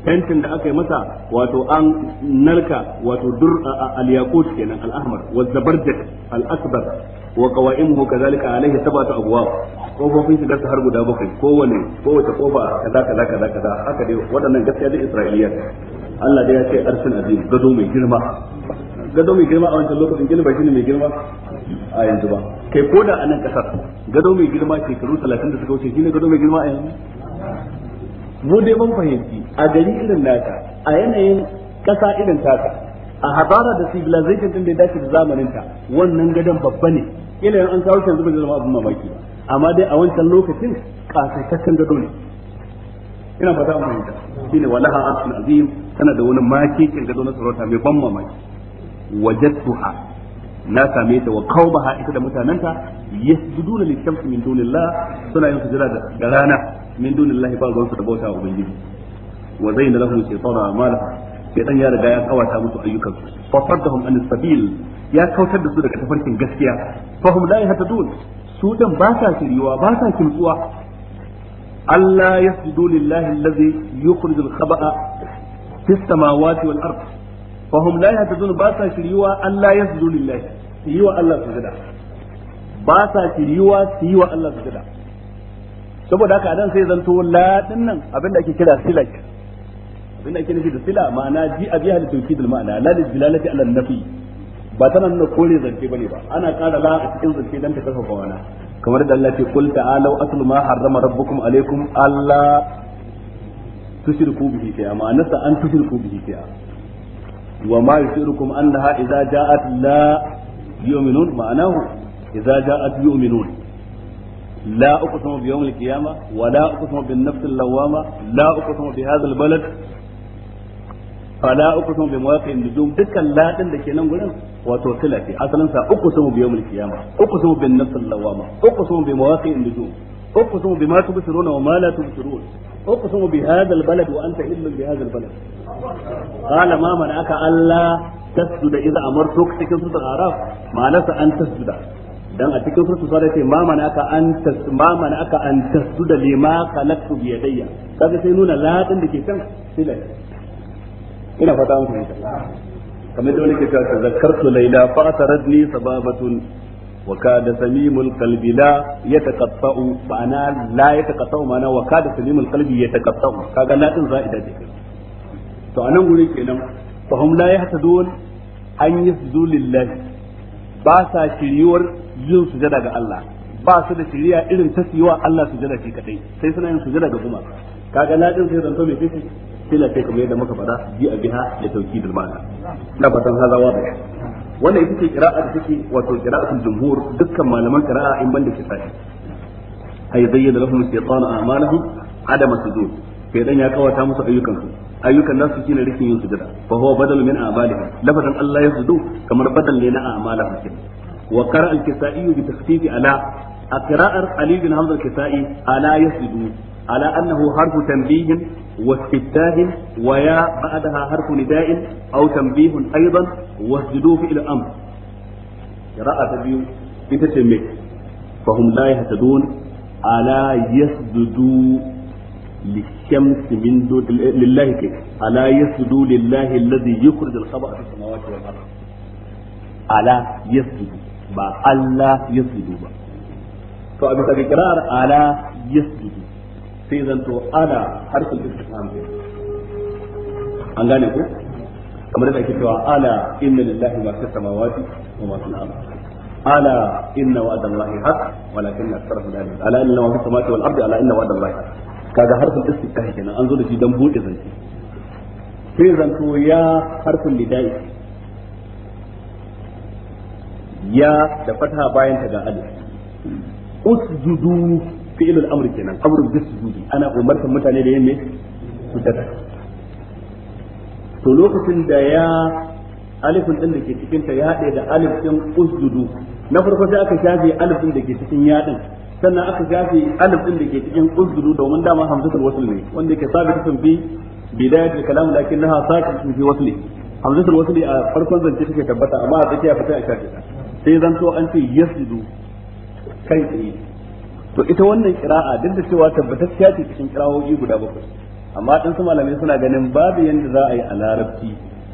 tantin da aka yi masa wato an nalka wato dur al-yaqut kenan al-ahmar wa zabarjak al-akbar wa qawaimuhu kadhalika alaihi sab'atu abwab kofofin shiga su har guda bakwai kowane kowace kofa kaza kaza kaza kaza haka dai waɗannan gaskiya da Isra'iliya Allah dai ya ce arshin azim gado mai girma gado mai girma a wancan lokacin gilba shine mai girma a yanzu ba kai ko da a nan kasar gado mai girma shekaru 30 da suka wuce shine gado mai girma a yanzu mu dai mun fahimci a gari irin naka a yanayin kasa irin taka a hadara da civilization din da ya dace da zamanin ta wannan gadon babba ne kila yan an kawo shi yanzu bai zama abin mamaki amma dai a wancan lokacin kasaitaccen gado ne ina fata an fahimta shine walaha arsul azim tana da wani makikin gado na sarauta mai ban mamaki wajadtuha na same ta wa qaumaha ita da mutananta yasjuduna lishamsi min dunillah suna yin sujada da rana min dunillahi ba ruwansu da bauta wa ubangiji wa zayyana lahum shaytanu a'malahum dan ya riga ya kawata musu ayyukan su fa saddahum an sabil ya kautar da su daga tafarkin gaskiya fa hum la yahtadun su dan ba sa shiriwa ba sa kimtsuwa Allah yasjudu lillahi allazi yukhrijul khaba'a fis samawati wal ard fa hum la yahtadun ba sa shiriwa Allah yasjudu lillahi yi wa Allah sujada ba sa shiriwa su yi wa Allah sujada saboda haka adan sai zanto la dinnan abinda ake kira silaj abin da ake nufi da sila ma'ana ji a jihar tawkidul ma'ana la dilalati ala nafi ba tana nuna kore zance bane ba ana kara la a cikin zance dan ta kafa bawana kamar da Allah ce qul ta'alu aslu ma harrama rabbukum alaykum alla tushriku bihi shay'a ma'ana sa an tushriku bihi shay'a wa ma yushirukum annaha idza ja'at la yu'minun ma'anahu idza ja'at yu'minun لا أقسم بيوم القيامة ولا أقسم بالنفس اللوامة لا أقسم بهذا البلد fala uqsimu bi mawaqi'in nujum dukkan ladin da ke nan gurin wato tilafi asalin sa uqsimu bi yawmil qiyamah uqsimu bin بما تبصرون وما لا تبصرون اقسم بهذا البلد وانت الا بهذا البلد قال ما منعك الا تسجد اذا امرتك cikin sura araf ma'anarsa an tasjuda dan a cikin sura sura ce ma aka an tas ma manaka an tasjuda lima khalaqtu kaga sai nuna ladin ke kan silai ina fata an fahimta kamar da wani ke cewa tazakkartu laila fa ataradni sababatun wa kada samimul qalbi la yataqatta'u fa ana la ya yataqatta'u mana wa kada samimul qalbi yataqatta'u kaga la din za'ida ce to anan guri kenan fa hum la yahtadun an yasjudu lillahi ba sa shiriyar yin sujada ga Allah ba su da shiriya irin ta siwa Allah sujada shi kadai sai suna yin sujada ga kuma kaga la din sai zanto mai fifi sila sai kamar yadda muka faɗa bi a biha da tawkidul ma'ana ina fatan haza wada wannan ita ce qira'a da take wato qira'atul jumhur dukkan malaman qira'a in banda kisafi ay zayyana lahum shaytanu a'malahum adama sujud sai dan ya kawata musu ayyukan su ayyukan nasu shine rikin yin sujada fa huwa badal min a'malihim lafadan Allah ya sudu kamar badal ne na a'malahum kin wa qara'a al-kisai bi takhfifi ala a qira'ar ali bin hamza al-kisai ala yasjudu على أنه حرف تنبيه واستفتاه ويا بعدها حرف نداء أو تنبيه أيضا واسجدوا في الأمر قراءة تبيو بتتمك فهم لا يهتدون ألا يسجدوا للشمس من دون لله كيف ألا يسجدوا لله الذي يخرج الخبأ في السماوات والأرض ألا يسجدوا با ألا يسجدوا با فأبي تقرار ألا يسجدوا sai zanto ana harfin istifham ne an gane ku kamar da ake cewa ala inna lillahi ma fis samawati wa ma fil ardh ala inna wa'da allahi haqq walakinna aktharuhum la ya'lamun ala inna ma fis samawati wal ardi ala inna wa'da allahi haqq kaga harfin istifham kenan an zo da shi dan bude zance sai zanto ya harfin lidai ya da fata bayan ta ga alif usjudu fi'ilul amr kenan amrun bisujudi ana umartar mutane da yin su sujada to lokacin da ya alifin din da ke cikin ta ya haɗe da alif din usjudu na farko sai aka shafe alif din da ke cikin ya din sannan aka shafe alif din da ke cikin usjudu domin dama hamzatul wasl ne wanda yake sabitun bi bidayat al kalam lakinnaha saqitatun fi wasli hamzatul wasli a farkon zance take tabbata amma a tsakiya fa sai a shafe ta sai zanto an ce yasjudu kai tsaye to ita wannan kira'a duk da cewa tabbatacciya ce cikin kira'o'i guda bakwai amma dan su malamai suna ganin babu yanda za a yi a larabci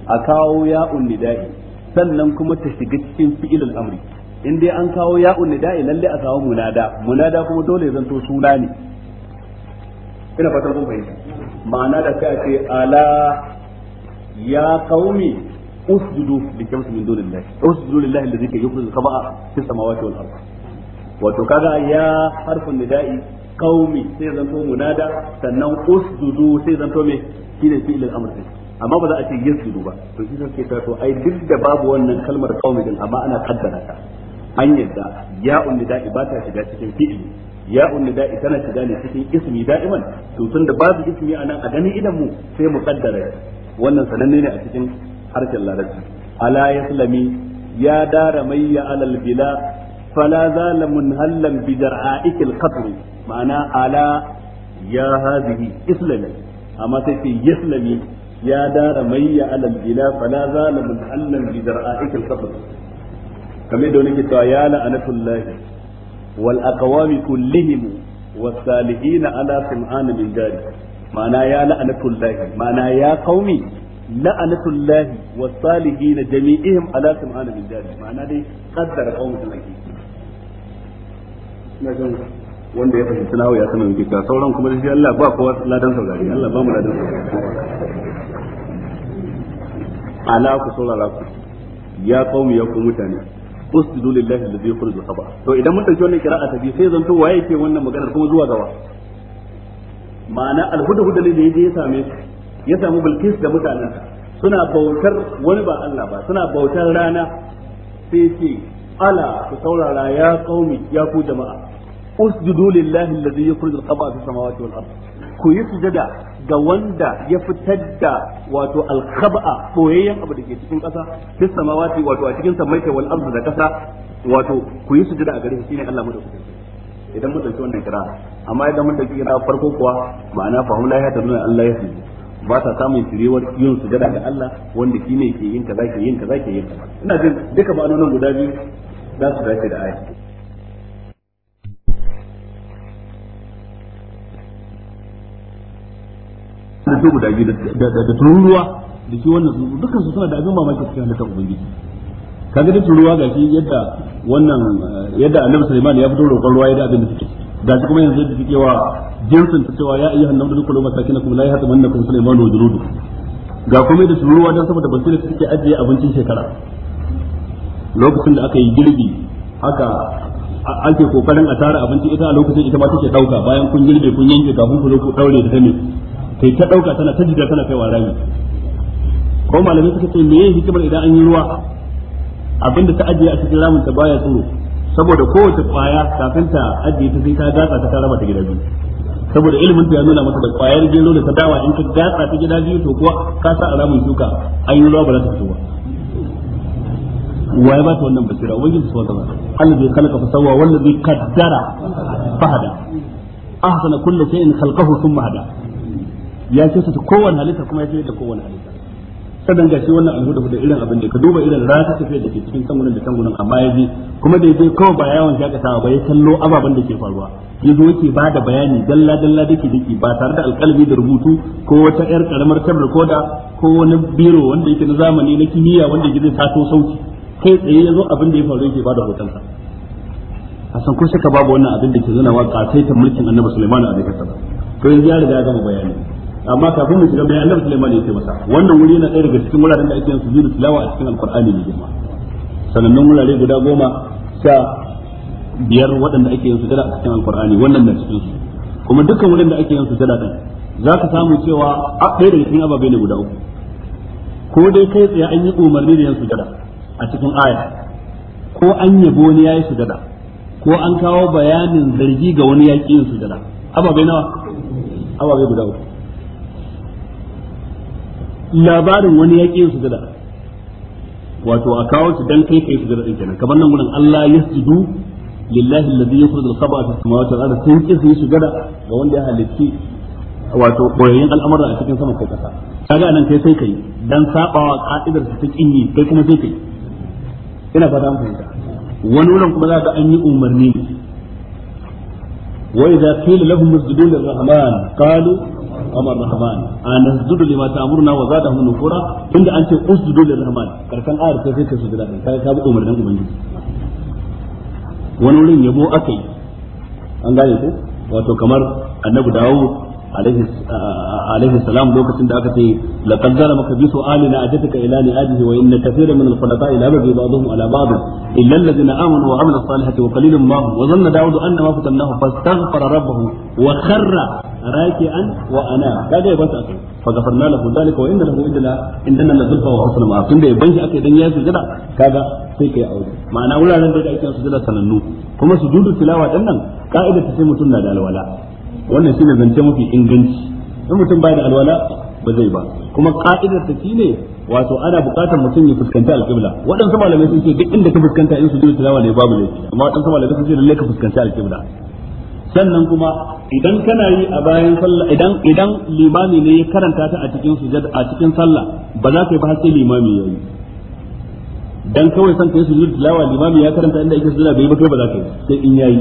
a kawo ya'un nida'i sannan kuma ta shiga cikin fi'ilul amri in dai an kawo ya'un nida'i lalle a kawo munada munada kuma dole zan to suna ne ina fatan kun fahimta ma'ana da kai ce ala ya qaumi usjudu li shamsi min dunillahi usjudu lillahi alladhi yukhrij al-khaba'a fis samawati wal ardh wato kaga ya harfin nida'i qaumi sai zanto munada sannan usjudu sai zanto me shine fi'il al-amr amma ba za a ce yasjudu ba to shi sai ta to ai duk da babu wannan kalmar qaumi din amma ana kaddara ta an yadda ya'un nida'i ba ta shiga cikin ya ya'un nida'i tana shiga ne cikin ismi da'iman to tunda babu ismi nan a ganin idan mu sai mu kaddara wannan sananne ne a cikin harshen larabci ala yaslami ya dara mayya alal bila fala zala munhallan bi jar'a'ikil qatr ma'ana ala ya hadhihi islamin amma sai ce yaslami ya dara mai ya ala ila fala zala munhallan bi jar'a'ikil qatr kamar da nake cewa ya la'anatullahi wal aqwami kullihim والسالحين على سمعان من ذلك معنى يا لعنة الله معنى يا قومي لعنة الله والصالحين جميعهم على سمعان من ذلك معنى دي قدر قوم الله wanda ya fahimci nawa ya sanar kika sauran kuma da shi Allah ba kowa ladan saurari Allah ba mu ladan saurari ala ku saurara ku ya kawo ya ku mutane usjudu lillahi alladhi khuliqa saba to idan mun dauki wannan a ta bi sai zanto waye yake wannan maganar kuma zuwa gawa ma'ana alhudhud ne da ya same su ya samu bilkis da mutanen suna bautar wani ba Allah ba suna bautar rana sai ce ala ku saurara ya qaumi ya ku jama'a usjudu lillahi alladhi yukhrijul khaba'a fis samawati wal ard ku yi sujada ga wanda ya fitar da wato alkhaba'a boyayyen abu da ke cikin ƙasa fis samawati wato a cikin samai kai wal ard da ƙasa wato ku yi sujada a gare shi ne Allah madaukakin idan mun dauki wannan kira amma idan mun dauki kira farko kuwa ma'ana fahimla ya taruna Allah ya yi ba ta samun shirewar yin sujada ga Allah wanda shine ke yin kaza ke yin kaza ke yin kaza ina jin duka ma'anonin guda biyu za su dace da aya da su guda biyu da tururuwa da shi wannan tsuntsu dukkan su suna da abin mamaki cikin halittar ubangiji kaga da tururuwa ga shi yadda wannan eh, yadda annabi Sulaiman ya fito roƙon ruwa da abin da suke ga shi kuma yanzu da suke wa jinsin ta cewa ya ayyuhan nabi kullu ma masakinakum la yahtamannakum Sulaiman wa juludu ga kuma da tururuwa dan saboda da suke ajiye abincin shekara lokacin da aka yi girbi haka ake kokarin a tara abinci ita a lokacin ita ma take dauka bayan kun girbe kun yanke kafin ku ku daure da dame kai ta dauka tana ta jira tana kaiwa rami ko malamai suka ce me hikimar idan an yi ruwa abinda ta ajiye a cikin ramin ta baya tsoro saboda kowace kwaya kafin ta ajiye ta sai ta gatsa ta raba ta gida biyu saboda ilimin ya nuna mata da kwayar gero da ta dawa in ka gatsa ta gida biyu to kuwa ka sa a ramin shuka an yi ruwa ba za ta fito ba waye ba ta wannan basira ubangiji subhanahu wa ta'ala allazi khalaqa fa sawwa wallazi qaddara fa hada ahsana kulli shay'in khalqahu thumma hada ya ce ta kowanne halitta kuma ya ce kyautata kowanne halitta sannan ga shi wannan an hudu da irin abin da ka duba irin rata tafiyar da ke cikin tangunan da tangunan amma ya je kuma da je kawai ba yawon shakatawa ba ya kallo ababen da ke faruwa ya zo yake ba da bayani dalla dalla dake dake ba tare da alkalmi da rubutu ko wata yar karamar tabar koda ko wani biro wanda yake na zamani na kimiyya wanda yake zai sato sauti kai tsaye ya zo abin da ya faru yake bada hotonsa a san kun shaka babu wannan abin da ke nuna wa kasaitan mulkin annabi Sulaiman a daga sama to yanzu ya riga ya gama bayani amma kafin mu shiga bayan annabi Sulaiman ya ce masa wannan wuri yana ɗaya daga cikin wuraren da ake yin sujudu tilawa a cikin alqur'ani ne girma sanannun wurare guda goma sha biyar waɗanda ake yin sujada a cikin alqur'ani wannan na cikin su kuma dukkan wurin da ake yin sujada din za ka samu cewa a ɗaya daga cikin ababe ne guda uku ko dai kai tsaye an yi umarni da yin sujada a cikin aya ko an yabo wani yayi sujada ko an kawo bayanin zargi ga wani yaƙi yin sujada ababe nawa ababe guda uku labarin wani yaƙi yin sujada wato a kawo su dan kai kai sujada din kenan kamar nan gurin Allah yasjudu lillahi alladhi yukhrijul al-khaba'a fis samawati wal ardi sun kisa yi sujada ga wanda ya halicci wato koyayyin al'amuran a cikin sama ko kasa kaga nan kai sai kai dan sabawa ka'idar ta kinyi kai kuma sai kai ina fata an fahimta wani wurin kuma za ka an yi umarni wa idza qila lahum isjudu lirrahman qalu amma rahman ana isjudu lima ta'muruna wa zadahum nufura inda an ce usjudu lirrahman karkan ayar sai sai ka sujuda kai ka bi umarnin ubangiji wani wurin yabo akai an gane ko wato kamar annabi dawud alaihi salam lokacin da aka ce laqad zalamaka bi su'alina ajataka ila ni'adihi wa inna kathiran min al-khulata'i la yabghi ba'dhum ala ba'd illa alladhina amanu wa amilus salihati wa qalilun ma hum wa dhanna da'udu anna ma fatannahu fastaghfara rabbahu wa kharra raki'an wa ana kaga ya banta akai fa ghafarna lahu dhalika wa inna lahu indana indana la wa ya banshi akai dan sai kai aure ma'ana wuraren da ake sujada sanannu kuma sujudu tilawa dan nan ka'ida ta sai mutum na da alwala wannan shine zance mafi inganci in mutum baya da alwala ba zai ba kuma ka'idar ta shine wato ana buƙatar mutum ya fuskanci alƙibla waɗansu malamai sun ce duk inda ka fuskanta in su sujudu tilawa ne babu laifi amma waɗansu malamai sun ce lalle ka fuskanci alƙibla sannan kuma idan kana yi a bayan sallah idan idan limami ne ya karanta ta a cikin sujud a cikin sallah ba za ka yi ba har sai limami ya yi dan kawai san ka yi sujud tilawa limami ya karanta inda yake sujuda bai ba kai ba za ka yi sai in yayi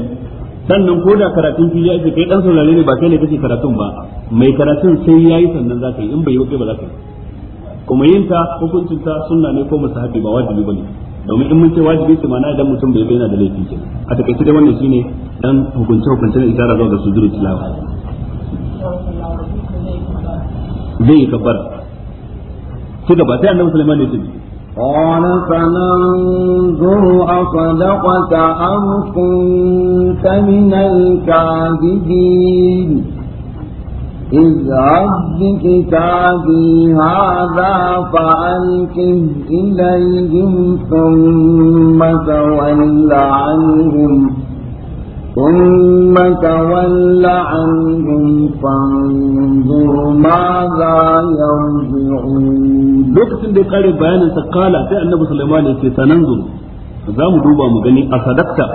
sannan ko da karatun ya ake kai dan saurare ne ba kai ne kake karatun ba mai karatun sai yayi sannan zaka yi in bai yi ba zaka yi kuma yin ta hukuncin ta sunna ne ko musahabi ba wajibi bane domin in mun ce wajibi ce na idan mutum bai bayyana da laifi ke a takaice dai wannan shine dan hukunce hukuncen isara zuwa ga sujudu tilawa zai yi kabbara ci ba sai annabi Sulaiman ne ce قال فننظر أصدقت أم كنت من الكاذبين اذهب بكتابي هذا فألقه إليهم ثم تول عنهم ثم تول عنهم فانظر ماذا يرجعون لوكتين دي قال بيان قال في النبي سليمان يتي سننظر mu gani a sadakta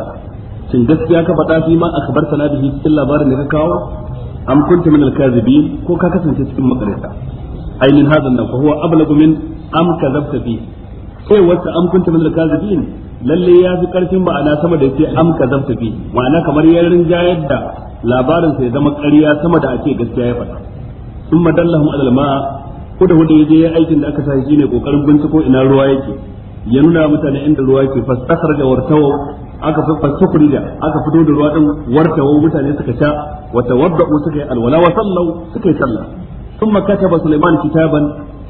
shin gaskiya ka faɗa fi ma akhbarta na bihi labarin da ka kawo am kunta ko ka kasance cikin makarata ai min sai wata am kunta min al-kazibin lalle ya fi karfin ana sama da yace am kazabta fi ma'ana kamar ya rinja da labarin sai zama ƙarya sama da ake gaskiya ya faɗa sun madallahum alal ma'a kuda da wanda yaje ya aikin da aka sashi ne kokarin binciko ina ruwa yake ya nuna mutane inda ruwa yake da wartawo aka fi da aka fito da ruwa din wartawo mutane suka sha wata wadda suka yi alwala wa sallau suka yi sallah ثم كتب سليمان كتابا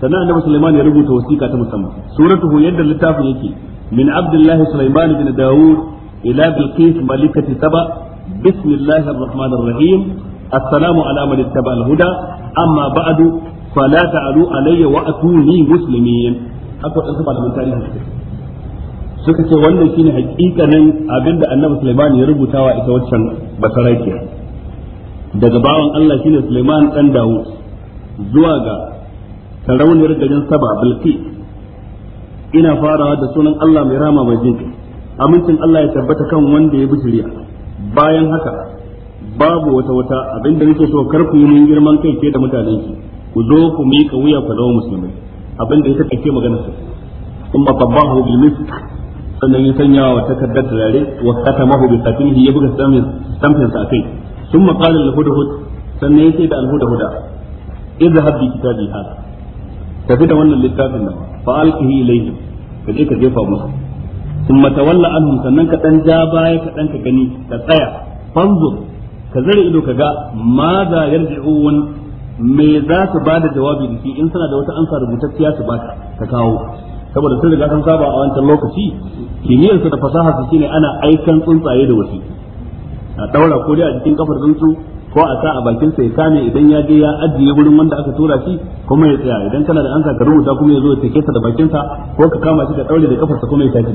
sannan annabi Sulaiman ya rubuta wasiƙa ta musamman suratuhu yadda littafin yake min abdullahi Sulaiman bin Dawud ila Bilqis malikati Saba bismillahir rahmanir rahim assalamu ala man ittaba al-huda amma ba'du fala ta'alu alayya wa atuni muslimin haka wadansu malaman tarihi suka ce wannan shine hakikanin abinda annabi Sulaiman ya rubutawa ita waccan basarakiya daga bawan Allah shine Sulaiman dan Dawud zuwa ga sarauniyar garin saba bilki ina farawa da sunan Allah mai rama mai jinki amincin Allah ya tabbata kan wanda ya bi shari'a bayan haka babu wata wata abinda nake so kar yi min girman kai ke da mutanen ki ku zo ku miƙa wuya ku zama musulmai abinda ya take magana su kuma babbahu bil misk sannan ya sanya wa takardar turare wa katamahu bi satinihi ya buga samfin sa kai sun al hudhud sannan ya ce da al hudhuda idhhab bi kitabi hada tafi da wannan littafin nan fa alqihi ilayhim ka je ka jefa musu thumma tawalla anhum sannan ka dan ja baya ka dan ka gani ka tsaya fanzur ka zare ido ka ga ma za yarji'un me za su da jawabi da shi in suna da wata amsa rubutacciya su bata ka kawo saboda sun riga sun saba a wancan lokaci kimiyyar su da fasaha su shine ana aikan tsuntsaye da wasi a daura ko dai a jikin kafar tsuntsu ko a sa a bakin sa ya kame idan ya je ya ajiye wurin wanda aka tura shi kuma ya tsaya idan kana da ansa ka rubuta kuma ya zo ya take ta da bakin sa ko ka kama shi ka daure da kafarsa kuma ya tashi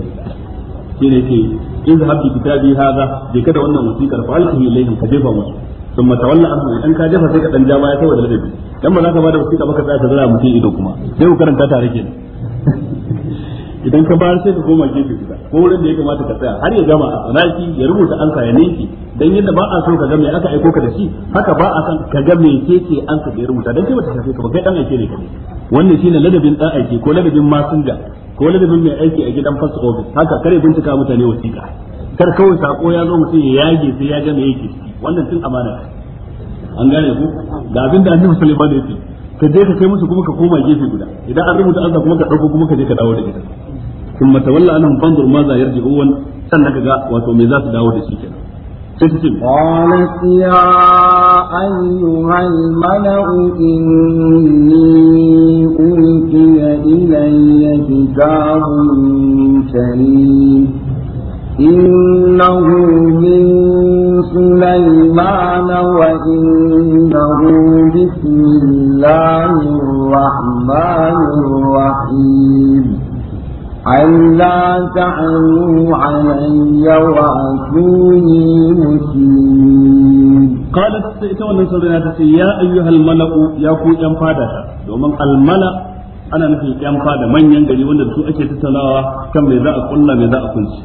shi ne ce in za haɓi kitabi haza je kada wannan wasiƙar fa alƙahi ilaihim ka jefa musu sun matawalla an idan ka jefa sai ka dan ja baya saboda ladabi dan ba za ka bada wasiƙa ba ka tsaya ka zara mutum ido kuma sai ku karanta tare kenan idan ka bayar sai ka koma gefe guda ko wurin da ya kamata ka tsaya har ya gama a tsanaki ya rubuta an ya ninki dan yadda ba a so ka ga me aka aiko ka da shi haka ba a san ka ga me ke ce an ka ya rubuta dan kai bata shafe ka ba kai dan aike ne kai wannan shine ladabin dan aike ko ladabin masinga ko ladabin mai aiki a gidan fast office haka kare bincika mutane wasiƙa kar kawai sako ya zo mutum ya yage sai ya ga me yake wannan tun amana an gane ku ga abin da annabi Sulaiman ya ce ka je ka kai musu kuma ka koma gefe guda idan an rubuta sa kuma ka dauko kuma ka je ka dawo da ita thumma tawalla anhum fanzur ma za yarji'un sannan kaga wato me za dawo da shi kenan قالت يا أيها الملأ إني ألقي إلي كتاب كريم إنه من سليمان وإنه بسم الله الرحمن الرحيم ألا تعلوا علي وأتوني مسلمين قالت سيتا ونسرنا يا أيها الملأ يا كو ينفادا الملأ ana nufin yan fada manyan gari wanda su ake tattaunawa kan me za a kulla me za a kunci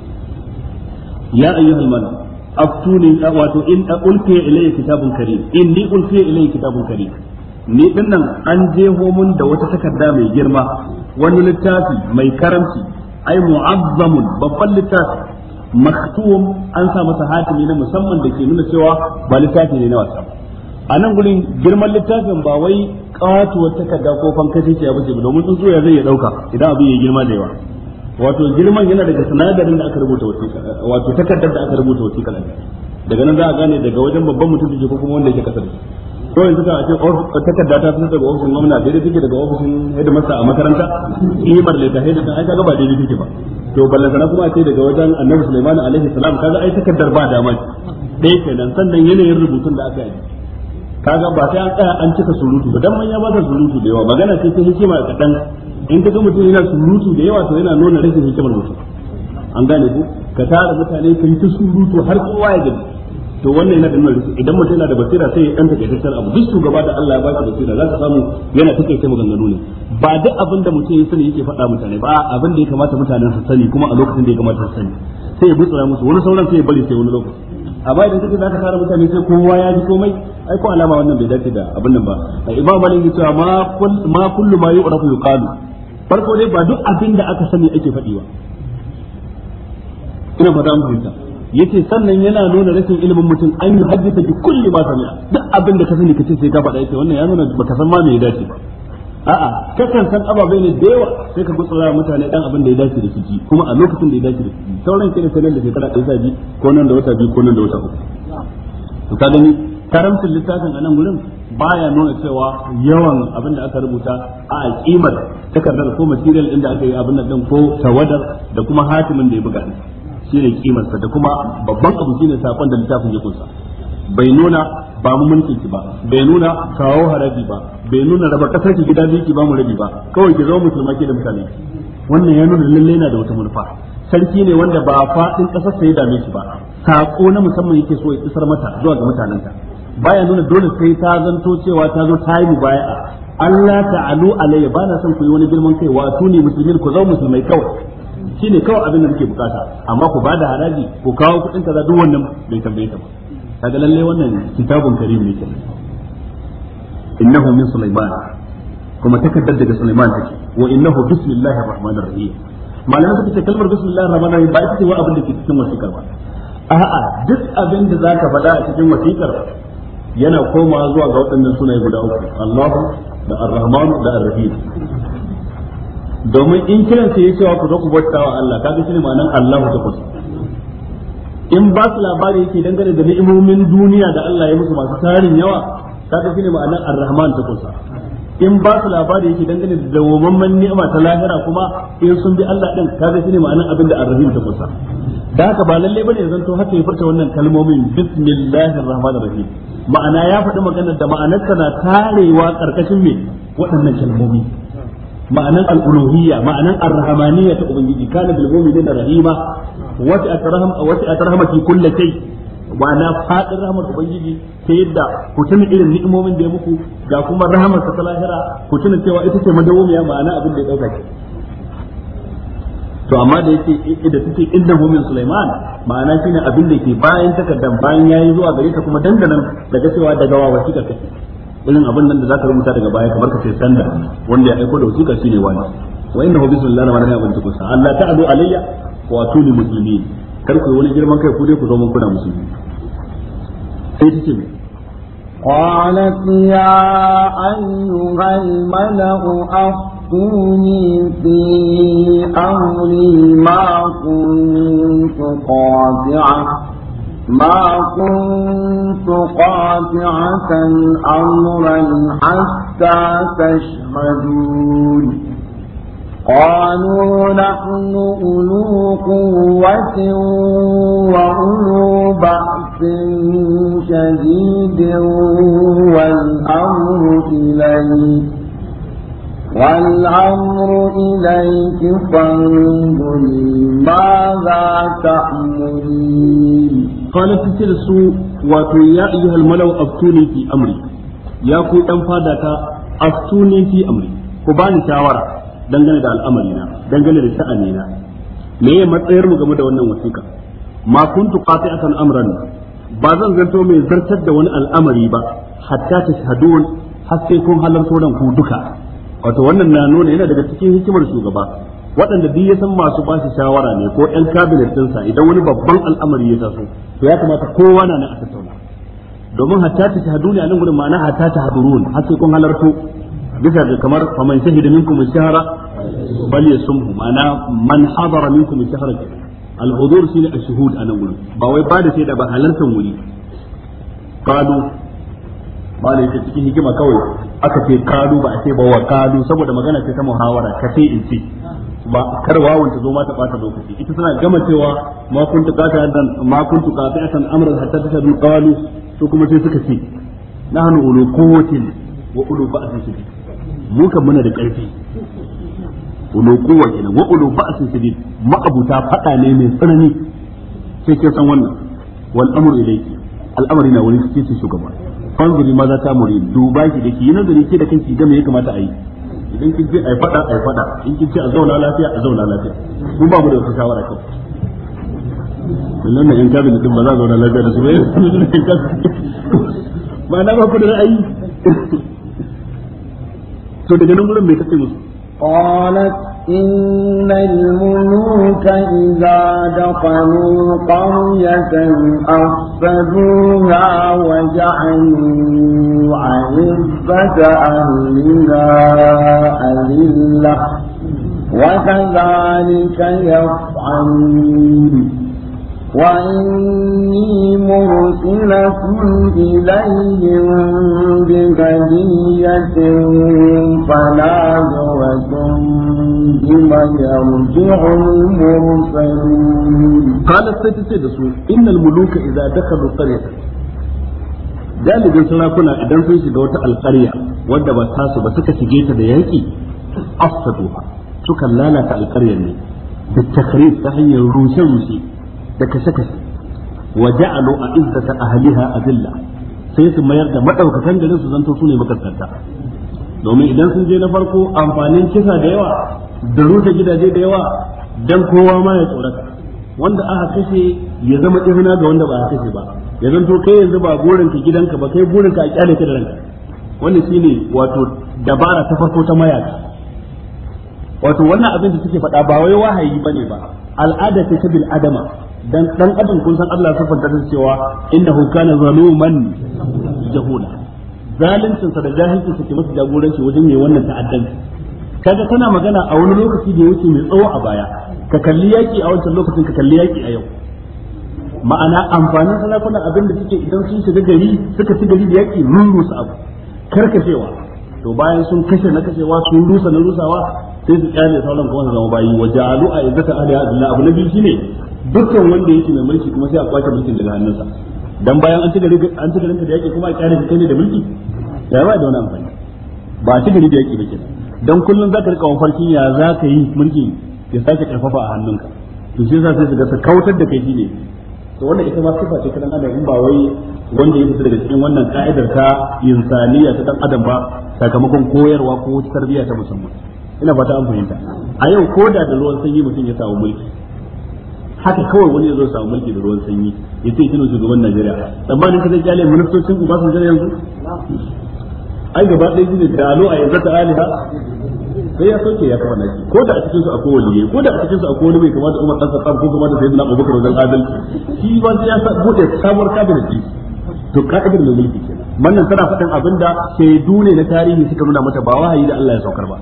ya ayyuhal mala aftuni wato in ulfiya ilayya kitabun karim inni ulfiya kitabun ni nan an je homun da wata takarda mai girma wani littafi mai karamci ai mu'azzamun babban littafi maktum an sa masa hatimi na musamman da ke nuna cewa ba littafi ne na wasa a nan gurin girman littafin ba wai katuwar takarda ko fankashi ce ya bace domin sun tsuntsuya zai ya dauka idan abin ya girma da yawa wato girman yana daga sinadarin da aka rubuta wasiƙa wato takardar da aka rubuta wasiƙa daga nan za a gane daga wajen babban mutum da ko kuma wanda yake kasar ko yanzu ka ce takarda ta fito daga ofishin gwamna daidai take daga ofishin masa a makaranta imar da ta headmaster ai kaga ba daidai take ba to ballantana kuma ce daga wajen annabi Sulaiman alaihi salam kaga ai takardar ba dama dai kenan sannan yanayin rubutun da aka yi kaga ba sai an tsaya an cika surutu ba dan manya ba ta surutu da yawa magana ce ta hikima da kadan in kaga mutum yana surutu da yawa to yana nuna rashin hikimar mutum an gane ku ka tara mutane kai ta surutu har kowa ya gani to wannan yana da nuna idan mutum yana da basira sai ya danta takaitaccen abu duk shugaba da Allah ya baka basira za ka samu yana takaita maganganu ne ba duk abin da mutum ya sani yake faɗa mutane ba abin da ya kamata mutanen su sani kuma a lokacin da ya kamata su sani sai ya butsara musu wani sauran sai ya bari sai wani lokaci amma idan kake zaka tara mutane sai kowa ya ji komai ai ko alama wannan bai dace da abin nan ba imam malik ya ce ma kull ma kullu ma yu'rafu yuqalu farko dai ba duk abin da aka sani ake faɗiwa ina fata mun fahimta yace sannan yana nuna rashin ilimin mutum an yi haddisa bi kulli ba duk abin da ka sani kace sai ka faɗa yace wannan ya nuna baka san ma me ya dace ba a'a kakan san ababe ne da yawa sai ka gutsura mutane dan abin da ya dace da ji kuma a lokacin da ya dace da kiki sauran kira sai nan da shekara ɗaya sabi ko nan da wata biyu ko nan da wata uku to ka gani karamcin littafin a nan gurin baya nuna cewa yawan abin da aka rubuta a alƙimar takardar ko material inda aka yi abin nan ko tawadar da kuma hatimin da ya buga shine kimar sa da kuma babban abu shine sakon da littafin ya kunsa bai nuna ba mu mulkin ki ba bai nuna kawo haraji ba bai nuna raba kasar ki gida biyu ki ba mu rabi ba kawai ki zama musulma ke da mutane wannan ya nuna lalle yana da wata manufa sarki ne wanda ba faɗin ƙasar sai ya dame shi ba sako na musamman yake so ya isar mata zuwa ga mutanenta baya nuna dole sai ta zanto cewa ta zo ta yi baya Allah ta alu alayya ba na son ku yi wani girman kai wato ne musulmin ku zama musulmai kawai Shi ne kawai abin da muke bukata amma ku bada haraji ku kawo kuɗin kaza duk wannan bai tambaye ta ba kaga lalle wannan kitabun karim ne kenan innahu min sulaiman kuma takaddar daga sulaiman take wa innahu bismillahir rahmanir rahim malamin suka ce kalmar bismillahir rahmanir rahim ba ita ce wa abin da ke cikin wasiƙar ba a'a duk abin da zaka faɗa a cikin wasiƙar yana komawa zuwa ga waɗannan sunaye guda uku Allahu da Ar-Rahman da Ar-Rahim domin in kiran sai ya cewa ku zo ku bauta wa Allah kaga shine ma'anan Allahu takwas in ba su labari yake dangane da ni'imomin duniya da Allah ya musu masu tarin yawa kaga shine ma'anan Ar-Rahman takwas in ba su labari yake dangane da dawwamamman ni'ima ta lahira kuma in sun bi Allah din kaga shine ma'anan abin da Ar-Rahim takwas da haka ba lalle bane zan to haka ya furta wannan kalmomin bismillahir rahmanir rahim ma'ana ya faɗi maganar da ma'anar na tarewa karkashin me waɗannan kalmomin ma'anan al-uluhiyya ma'anan ar ta ubangiji kana bil mu'minina rahima wati ta wati atrahamati kullu shay wa na fadin rahmar ubangiji ta yadda ku tuna irin ni'imomin da ya muku ga kuma rahmar ta lahira ku tuna cewa ita ce madawumiya ma'ana abin da ya dauka ki to amma da yake da take inda min Sulaiman ma'ana shine abin da ke bayan takardan bayan yayi zuwa gare ta kuma dandanan daga cewa daga wa wasiƙa kake irin abin nan da zaka rubuta daga baya kamar ka ce sanda wanda ya aiko da wasiƙa shine wani wa innahu bismillahi rahmanir rahim ta kusa Allah ta'adu alayya wa tuni muslimin kar ku wani girman kai ku dai ku zo mun kuna musulmi sai ta ce قالت يا أيها الملأ أفتوني في أمري ما كنت قاطعة ما كنت قاطعة أمرا حتى تشهدون قالوا نحن أولو قوة وأولو بأس شديد والأمر إليك والأمر إليك فانظري ماذا تأمرين qalat ta da su wato ya ayyuhal malau aftuni fi amri ya ku dan fada ta aftuni fi amri ku bani shawara dangane da al'amari dangane da sha'ani me ya matsayar mu game da wannan wasiƙa ma kuntu qati'atan amran ba zan zanto mai zartar da wani al'amari ba hatta ta har sai kun halarto ku duka wato wannan na nuna yana daga cikin hikimar shugaba waɗanda duk ya san masu ba shi shawara ne ko ɗan kabinet ɗinsa idan wani babban al'amari ya taso to ya kamata kowa na nan a tattauna domin hatta ta shahadu ne a nan gudun ma'ana hatta ta hadurun har sai kun halarto bisa ga kamar faman shahida minkum shahara bal yasumhu ma'ana man hadara minkum shahara al-hudur shine ash-shuhud a nan gudun ba wai ba da sai da ba halartan wuri qalu ba da cikin hikima kawai aka ce kalu ba a ce ba wa kalu saboda magana ce ta muhawara ka ce in ce ba kar wawan ta zo ma ta bata lokaci ita tana gama cewa ma kuntu qati'atan ma kuntu qati'atan amran hatta tashhadu qalu to kuma sai suka ce nahnu ulu quwwatin wa ulu ba'sin shadid mu kan muna da karfi ulu quwwa kenan wa ulu ba'sin shadid ma'abuta fada ne mai tsanani sai ke san wannan wal amru ilayki al'amari na wani kike shugaba fanzuri ma za ta muri duba ki da ki yi nazari ki da kanki game ya kamata a yi idan kin je ai fada ai fada in kin ce a zauna lafiya a zauna lafiya mu ba mu da wata shawara kai nan in ka bi din ba za zauna lafiya da su ba *laughs* ma na ba ku da ra'ayi *laughs* to daga nan gurin mai kace musu qalat إن الملوك إذا دخلوا قرية أفسدوها وجعلوا عزة أهلها أذلة وكذلك يفعلون وإني مرسلة إليهم بهدية فناظرة بما يرجع المرسلون قال ستتي إن الملوك إذا دخلوا قرية galibin sarakuna idan sun shiga wata alƙarya wadda ba tasu ba suka shige ta da yaƙi afsaduha sukan lalata alƙaryar ne da takrif ta hanyar rushe-rushe da kashe kashe wa ja'alu a'izzata ahliha adilla sai su mayar da madaukakan garin su zanto sune ne makaskanta domin idan sun je na farko amfanin kisa da yawa da rushe gidaje da yawa dan kowa ma ya tsorata wanda aka kashe ya zama izina ga wanda ba a kashe ba ya zanto kai yanzu ba burin burinka gidanka ba kai burin ka a kyale ka da ranka wannan shine wato dabara ta farko ta mayaka wato wannan abin da suke faɗa ba wai wahayi bane ba al'ada ce ta bil adama dan dan adam kun san Allah sifanta da cewa innahu kana zaluman jahula zalincin sa da jahilcin sa ke masa jagoranci wajen mai wannan ta'addan kaga kana magana a wani lokaci da yake mai tsawo a baya ka kalli yaki a wancan lokacin ka kalli yaki a yau ma'ana amfanin sarakunan abin da suke idan sun shiga gari suka ci gari da yaki mun rusa abu karkashewa to bayan sun kashe na kashewa sun rusa na rusawa sai su kyale sauran kuma su zama bayi wa jalu a yanzu ta hadilla abu na biyu shine dukkan wanda yake mai mulki kuma sai a kwace mulkin daga hannunsa dan bayan an ci gari an ci da yake kuma a kyale kai ne da mulki ya ba da wani amfani ba a ci gari da yake ba dan kullun zaka rika wafarkin ya zaka yi mulki ya sake karfafa a hannunka to shi yasa sai su ga su kautar da kai shine to wannan ita ma sifa ce ta dan adam in ba wai wanda ya fita daga cikin wannan ka'idar ta insaniya ta dan adam ba sakamakon koyarwa ko tarbiyya ta musamman ina fata an fahimta a yau ko da da ruwan sanyi mutum ya samu mulki haka kawai wani ya zo samu mulki da ruwan sanyi ya ce kino shugaban Najeriya tsammanin kada jale ministocin ku ba su jira yanzu ai gaba ɗaya shine da alo a yanzu ta aliha sai ya soke ya kafa naki ko da a cikin su akwai waliye ko da a cikin su akwai wani mai kamata Umar dan Khattab ko kamata Sayyidina Abubakar wajen adal shi ba ya sa bude sabuwar kabinet to ka'idar mai mulki kenan wannan tana faɗin abinda shaidu ne na tarihi suka nuna mata ba wahayi da Allah ya saukar ba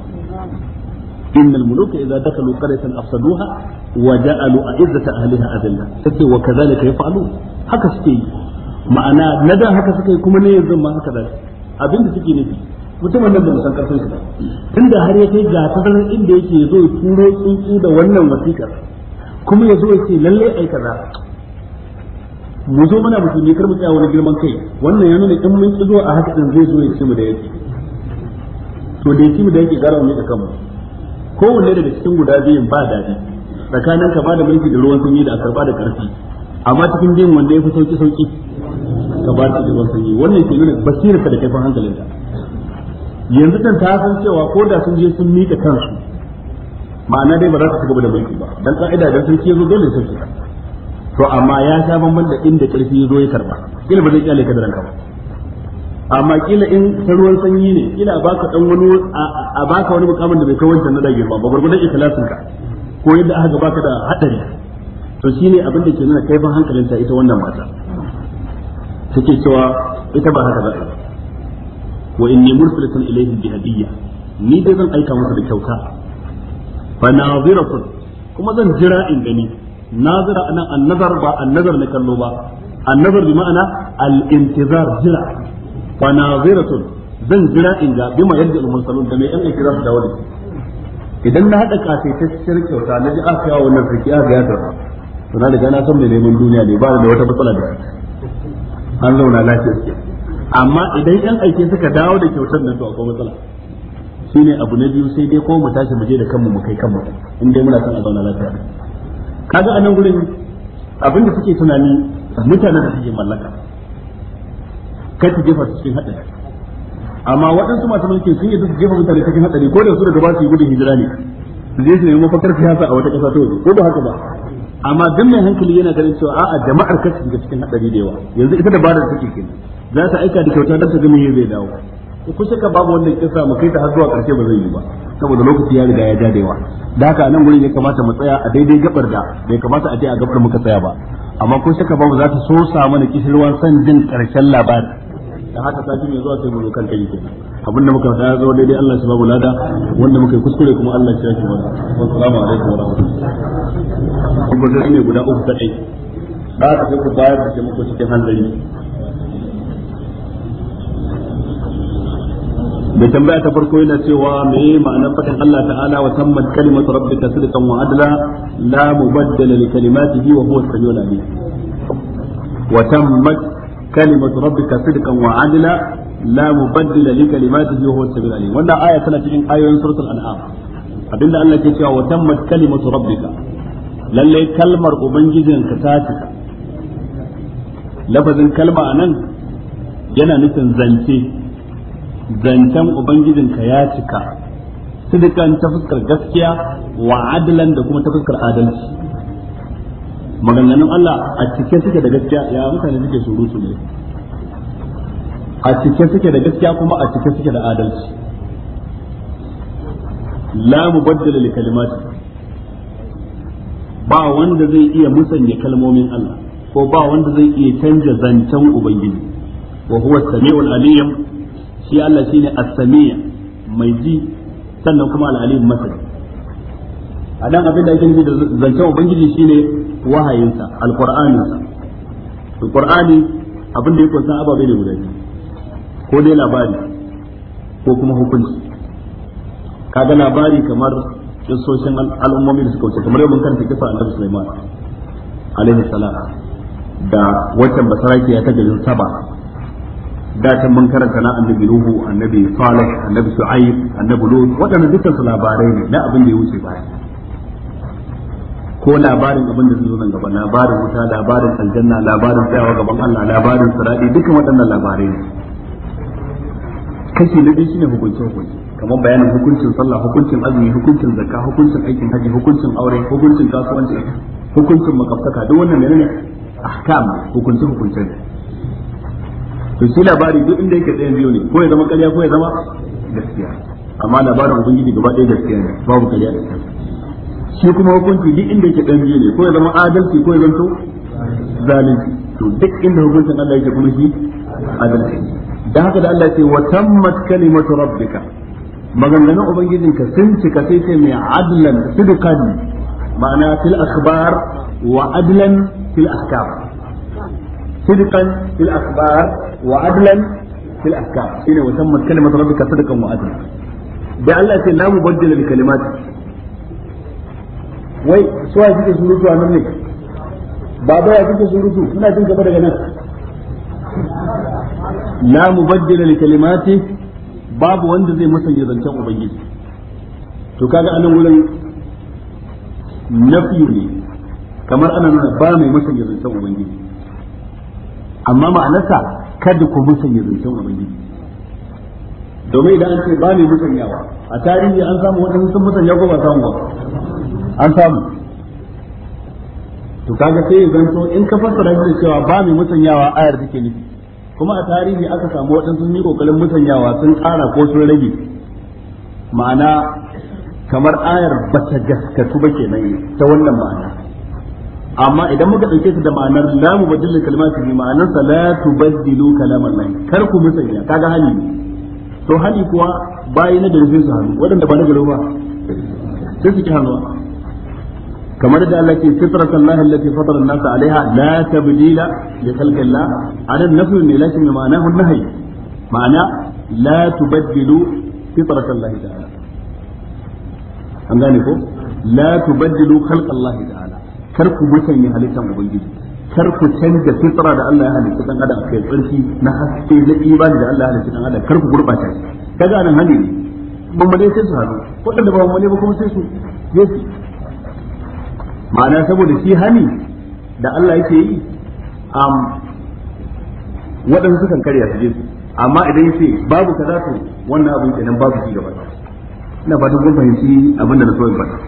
إن الملوك إذا دخلوا قرية أفسدوها وجعلوا أعزة أهلها أذلة وكذلك يفعلون هكا سكي ma'ana na da haka suka kuma ne yanzu ma haka da abin da suke mutumin nan san karfin shi ba har ya kai ga inda yake zo ya turo tsuntsu da wannan wasikar kuma ya zo ya ce lalle ai kaza mu zo mana musulmi kar mu tsaya wani girman kai wannan ya nuna in mun ki zo a haka din zai zo ya ce mu da yake to da yake mu da yake gara mu da kanmu kowanne daga cikin guda biyun ba daɗi tsakanin ba da mulki da ruwan sanyi da karba da karfi amma cikin biyun wanda ya fi sauki sauki ka ba da ruwan sanyi wannan ke nuna basirar ka da kaifin ka yanzu kan ta san cewa ko da sun je sun mika kansu ma'ana dai ba za su gaba da mulki ba dan ka'ida dan ce zo dole sai to amma ya sha bamban da inda karfi zo ya karba ilimin zai kyale ka da ranka ba amma kila in ta ruwan sanyi ne kila a baka dan wani a baka wani mukamin da bai kai wancan na da girma ba gurgurdan ikhlasin ka ko yadda aka ga baka da hadari to shine abin da ke nuna kaifin hankalinta ita wannan mata take cewa ita ba haka ba wa inni mursalatun ilayhi bi hadiyya ni dai zan aika masa da kyauta fa naziratun kuma zan jira in gani nazira anan annazar ba annazar na kallo ba annazar bi ma'ana al-intizar jira fanaziratun zan jira in ga bima yadda al-mursalun da mai yan aiki za su idan na hada kasaitacciyar kyauta na ji aka yawo wannan sarki aka ya tarfa to na riga na san mai neman duniya ne ba da wata matsala da an zauna lafiya ke amma idan yan aiki suka dawo da kyautar nan to akwai matsala shine abu na biyu sai dai ko mu tashi mu je da kanmu mu kai kanmu in dai muna son a zauna lafiya kaga anan gurin abinda suke tunani mutanen da suke mallaka kar ta jefa su cikin hadari amma waɗansu masu mulki sun yi su jefa mutane cikin hadari ko da su daga ba su yi gudun hijira ne su je su nemi mafakar siyasa a wata ƙasa ta waje ko ba haka ba amma dan mai hankali yana ganin cewa a'a jama'ar kar ta shiga cikin hadari da yawa yanzu ita da bada take kenan za ta aika da kyauta don ta ga me zai dawo ku shaka babu wanda kisa mu kai ta har zuwa karshe ba zai yi ba saboda lokaci ya riga ya ja da yawa da haka nan gurin ne kamata mu tsaya a daidai gabar da bai kamata a je a gabar muka tsaya ba amma ko shaka babu za ta so sa mana kishirwan san jin karshen labari da haka sati mai zuwa sai mu zo kan kai kenan abin da muka faɗa zo daidai Allah shi babu lada wanda muka yi kuskure kuma Allah ya ce mana assalamu alaikum wa rahmatullahi kun ga ne guda uku kadai da ka ku bayar da taimako cikin hanzari da tambaya ta farko yana cewa me ma'anar fadin Allah ta'ala wa tammat kalimatu rabbika sidqan wa adla la mubaddala li kalimatihi wa huwa as-sami'ul alim wa tammat كلمة ربك صدقا وعدلا لا مبدل لكلماته وهو السميع العليم وانا آية سنة cikin ayoyin suratul an'am abinda Allah ke cewa wa tammat kalimatu rabbika lalle kalmar ubangijinka ta cika lafazin kalma anan yana nufin zance zancen ubangijinka ya cika sidikan ta fuskar gaskiya wa'adilan da kuma ta fuskar adalci maganganun Allah a cike suke da gaskiya ya mutane suke surutu ne a cikin suke da gaskiya kuma a cikin suke da adalci la mubaddala li kalimati ba wanda zai iya musanya kalmomin Allah ko ba wanda zai iya canja zancen ubangiji wa huwa samiul alim shi Allah shine as-sami' mai ji sannan kuma al-alim masani a dan abin da ake nufi da zancen ubangiji shine wahayinsa alkurani alkur'ani abin da ya kunsa ababe ne guda biyu ko dai labari ko kuma hukunci kaga labari kamar kissoshin al'ummomi da suka wuce kamar yau mun karanta kisa annabi Sulaiman alaihi salam da waccan basaraki ya ta garin saba da can mun karanta na annabi ruhu annabi Salih annabi Shu'aib annabi Lut waɗannan dukkan su labarai ne na abin da ya wuce baya ko labarin abin da zai zo nan gaba labarin wuta labarin aljanna labarin tsayawa gaban Allah labarin sirati dukkan waɗannan labarai ne kashi na biyu shine hukunci hukunci kamar bayanin hukuncin sallah hukuncin azumi hukuncin zakka hukuncin aikin haji hukuncin aure hukuncin kasuwanci hukuncin makaftaka duk wannan menene ahkam hukunci hukunci ne to shi labari duk inda yake tsayin biyu ne ko ya zama ƙarya ko ya zama gaskiya amma labarin ubangiji gaba ɗaya gaskiya ne babu ƙarya da gaskiya shi kuma hukunci duk inda yake dan biyu ne ko ya zama adalci ko ya zanto zalunci to duk inda hukuncin Allah yake kuma shi adalci Da haka da Allah ya ce wa tammat kalimatu rabbika maganganun ubangijinka sun cika sai sai mai adlan sidqan ma'ana fil akhbar wa adlan fil ahkam sidqan fil akhbar wa adlan fil ahkam shine wa tammat kalimatu rabbika sidqan wa adlan da Allah ya ce la mubaddila li kalimatihi wai suwa suke surutu a nan ne baba ya suke surutu ina jin gaba daga nan la mubaddila li kalimati babu wanda zai masanya zancen ubangiji to kaga anan wurin nafi ne kamar ana nuna ba mai musanya zancen ubangiji amma ma'anarsa kada ku musanya zancen ubangiji domin idan an ce ba mai musanyawa a tarihi an samu wajen sun musanya ko ba samu ba an samu to kaga sai ya zanto in ka fassara shi cewa ba mai musanyawa ayar take nufi kuma a tarihi aka samu waɗansu sun yi kokarin musanyawa sun ƙara ko sun rage ma'ana kamar ayar ba ta gaskatu ba kenan ta wannan ma'ana amma idan muka ɗauke ta da ma'anar la badil kalimati bi ma'anar sa la tubaddilu kalamallahi kar ku musanya kaga hali ne to hali kuwa bayi na da rufin su hannu waɗanda ba na garo ba sai su ki hannuwa kamar da Allah ke fitrat Allah allati fatara an-nas 'alayha la tabdila li khalqi Allah anan nafyu ne lakin ma'anahu an-nahy ma'ana la tubaddilu fitrat Allah ta'ala an gane ko la tubaddilu khalqa Allah ta'ala kar ku musanya halittar ubangiji kar ku canja fitra da Allah ya halitta dan adam kai tsarki na haske na imani da Allah ya halitta dan adam kar ku gurbata shi kaga nan hali ne mun bane sai su haɗu waɗanda ba ban bane ba kuma sai su yesu ma'ana saboda shi hani da Allah yake yi am waɗansu sukan karya su je amma idan yace babu kaza to wannan abin kenan babu shi gaba ina fatan duk fahimci abin da na so in faɗa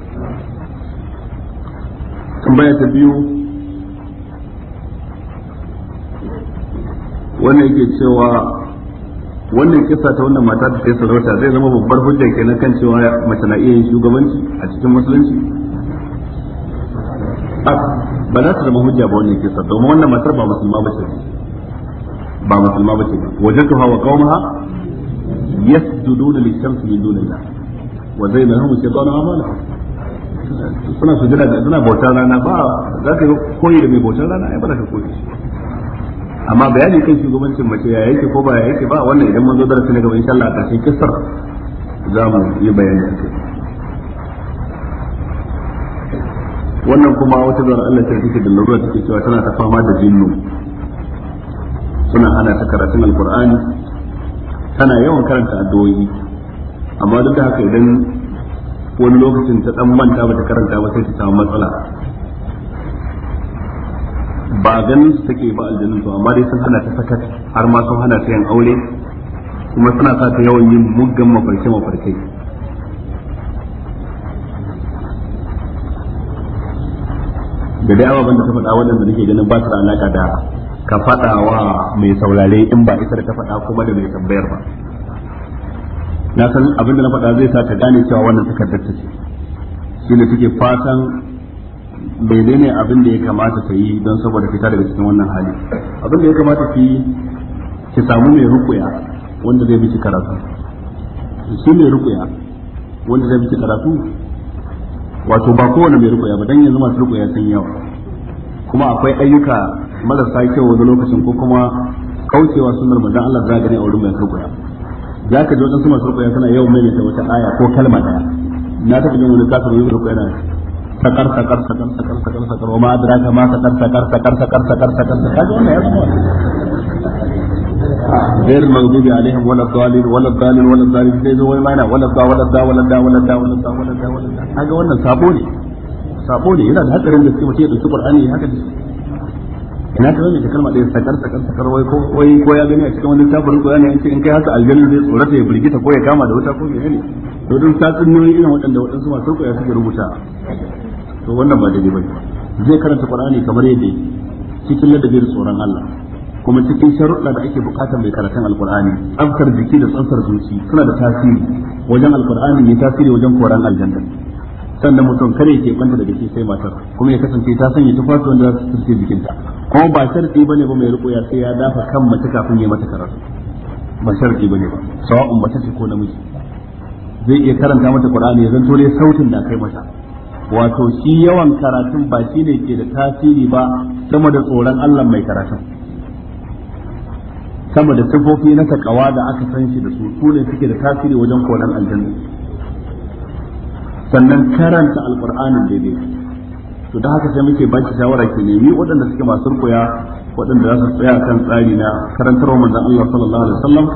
tambaya ta biyu wannan yake cewa wannan kisa ta wannan mata da ta sarauta zai zama babbar hujja kenan kan cewa mace na iya yin shugabanci a cikin musulunci ba za su zama hujja ba wannan kisa domin wannan matar ba musulma ba ce ba musulma ba ce ba wajen tuha wa kawo maha ya qaumaha yasjuduna lishamsi min dunillah wa zai zainahum na amala suna sujada da suna bautar rana ba za ka yi koyi da mai bautar rana ai ba za ka koyi amma bayani kan shugabancin mace ya yake ko ba ya yake ba wannan idan mazo zo darasi na gaba insha Allah a ƙarshen kisar za mu yi bayani a kai wannan kuma wata zuwa Allah ta rike da lura take cewa tana ta fama da jinnu suna ana ta karatun alkur'ani tana yawan karanta addu'o'i amma duk da haka idan wani lokacin ta dan manta bata karanta ba sai ta samu matsala ba ganin su take ba aljannu to amma dai sun hana ta sakat har ma sun hana ta yin aure kuma suna sa ta yawan yin muggan mafarke mafarkai da dai yawa da ta faɗa wannan da nake ganin ba su da alaka da ka faɗa wa mai saurare in ba ita da ta faɗa kuma da mai tambayar ba na san abin da na faɗa zai sa ka gane cewa wannan takardar ta ce shi ne suke fatan menene abin da ya kamata ta yi don saboda fita daga cikin wannan hali abin da ya kamata yi ki samu mai rukuya wanda zai karatu shi mai rukuya wanda zai miki karatu wato ba kowane mai rukuya ba dan yanzu masu rukuya sun yawa kuma akwai ayyuka marasa kyau wani lokacin ko kuma kaucewa sunar manzon Allah za gani a wurin mai rukuya za ka ji wadansu masu rukuya suna yau mai wata aya ko kalma daya na taɓa jin wani rukuya na sakar sakar sakar sakar sakar sakar ma adraka ma sakar sakar sakar sakar sakar sakar sakar sakar sakar sakar غير المغضوب عليهم ولا الضالين ولا الضالين ولا الضالين sai zo wai mana wala da wala da wala da wala da wala da wala da wala da kaga wannan ne sabo ne yana da haka ina ta wani da kalma ɗaya sakar sakar sakar wai ko wai ko ya gani a cikin wani tabarin qur'ani an ce in kai haka aljanna zai tsorata ya burgita ko ya kama da wuta ko menene to dun satsunnoyi irin waɗanda waɗansu masu ya suke rubuta to wannan ba daidai zai karanta qur'ani kamar yadda cikin ladabi da tsoron Allah kuma cikin sharuɗa da ake bukata mai karatun alkur'ani tsaftar jiki da tsaftar zuci suna da tasiri wajen alkur'ani ya tasiri wajen koran aljanna sannan mutum kare ke kwanta da jiki sai matar kuma ya kasance ta sanya tufafi wanda za su turke jikinta kuma ba ba bane ba mai riko ya sai ya dafa kan mace kafin ya mata karatu ba sharɗi bane ba sawa'un mace ce ko namiji zai iya karanta mata qur'ani ya zanto ne sautin da kai mata wato shi yawan karatun ba shi shine ke da tasiri ba sama da tsoron Allah mai karatun sama da sifofi na takawa da aka san shi da su su ne suke da tasiri wajen koran aljanna sannan karanta alqur'anin daidai to da haka sai muke baki shawara ke nemi waɗanda suke masu koya waɗanda za su tsaya kan tsari na karantarwa manzon Allah sallallahu alaihi wasallam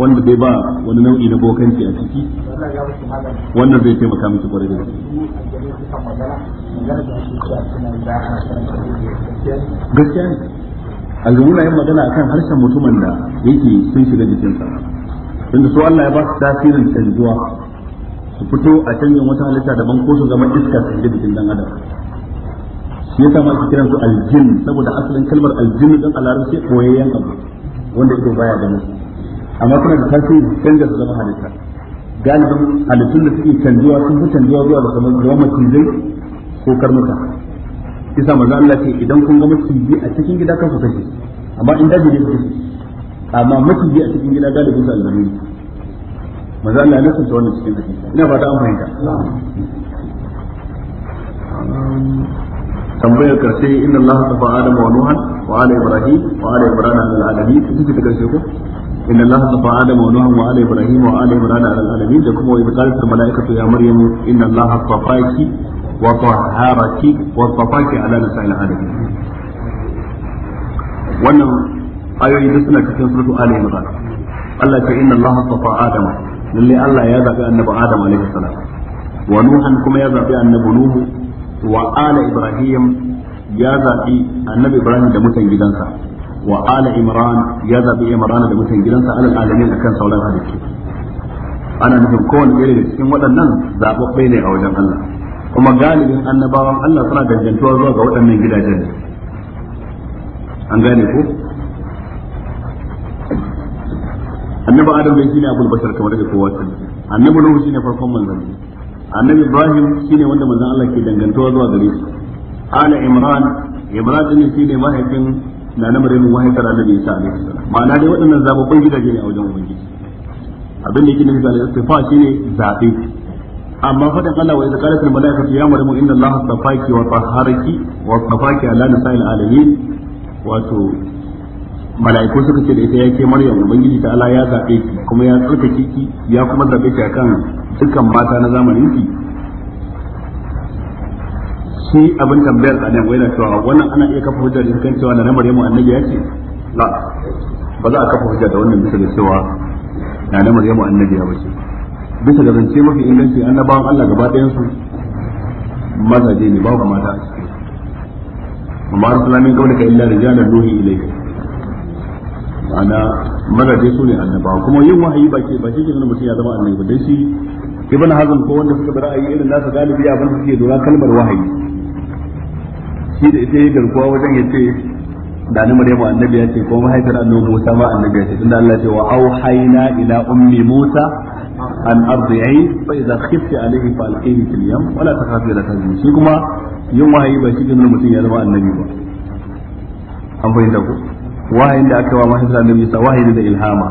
wanda bai ba wani nau'i na bokanci a ciki wannan zai taimaka miki kwarai da gaskiya kaga muna yin magana akan harshen mutumin da yake sun shiga sa inda su Allah ya ba su tasirin canjuwa su fito a canjin wata halitta daban ko su zama iska su shiga jikin dan adam shi yasa ma ake kiran su aljin saboda asalin kalmar aljin dan a larabci koyayyen abu wanda ido baya ganin amma suna da tasiri canza su zama halitta galibin halittun da suke canjuwa sun fi canjuwa zuwa ga kamar zuwa macizai ko karnuka kisa manzo Allah ce idan kun ga maciji a cikin gida kan ku kashe amma in daji ne kashe amma maciji a cikin gida galibin su alzami manzo Allah ya ta wannan cikin hadisi ina fata an fahimta tambayar karshe inna Allah tafa Adam wa wa ala Ibrahim wa ala Ibrahim al alamin ta karshe ko إن الله آدم ونوح وآل إبراهيم وآل على العالمين لكم وإذ قالت الملائكة يا مريم إن الله وطهارك والصفاك على نساء العالمين wannan ayoyi suna cikin suratu ali imran Allah ce inna Allah safa adama lalle Allah ya zabi annabi adam alaihi salam wa nuhan kuma ya zabi annabi nuhu wa ibrahim ya zabi annabi ibrahim da mutan gidansa wa ala ya zabi imran da mutan gidansa alal alamin akan sauran halittu ana nufin kowanne ɗaya daga cikin waɗannan zaɓaɓɓe ne a wajen Allah kuma galibin annabawan Allah suna dangantuwa zuwa ga waɗannan gidajen an gane ko annabi adam dai shine abul bashar kamar da kowa sani annabi nuhu shine farkon manzanni annabi ibrahim shine wanda manzon Allah ke dangantuwa zuwa gare shi ala imran imran din shine mahaifin na na maryam mahaifar annabi isa alaihi salam ma'ana dai waɗannan zababbun gidaje ne a wajen ubangiji abin da yake nufi da al-istifa shine zabe amma fadan Allah wa idza qalat al malaikatu ya maryamu inna Allah astafaki wa tahharaki wa astafaki ala nisa'il alamin wato malaiku suka ce da ita yake maryam ubangiji ta Allah ya zabe ki kuma ya tsarkake ki ya kuma zabe ki akan dukkan mata na zamanin ki shi abin tambayar a nan wai na cewa wannan ana iya kafa hujja da kan cewa na maryamu annabi ya ce la ba za a kafa hujja da wannan bisa da cewa na maryamu annabi ya bace bisa ga zance mafi inganci annabawan Allah gaba ɗayan su mazaje ne babu mata a cikin amma rasulullah min kawai da illa rijalan nuhi ilai ana mazaje su ne annabawa kuma yin wahayi ba ke ba shi kenan mutum ya zama annabi dan shi ibn hazm ko wanda suka bi ra'ayi irin nasa galibi abin da suke dora kalmar wahayi shi da ita yi garkuwa wajen ya ce da ni maryamu annabi ya ce ko mahaifar annabi Musa ma annabi ya ce tunda Allah ya ce wa auhayna ila ummi Musa an arzi'i fa idza khifti alayhi fa alqihi fil yam wala takhafi la tahzani shi kuma yin wahayi ba shi ne mutum ya zama annabi ba an bayyana ku wahayin da aka wa mahaifin annabi sa wahayi da ilhama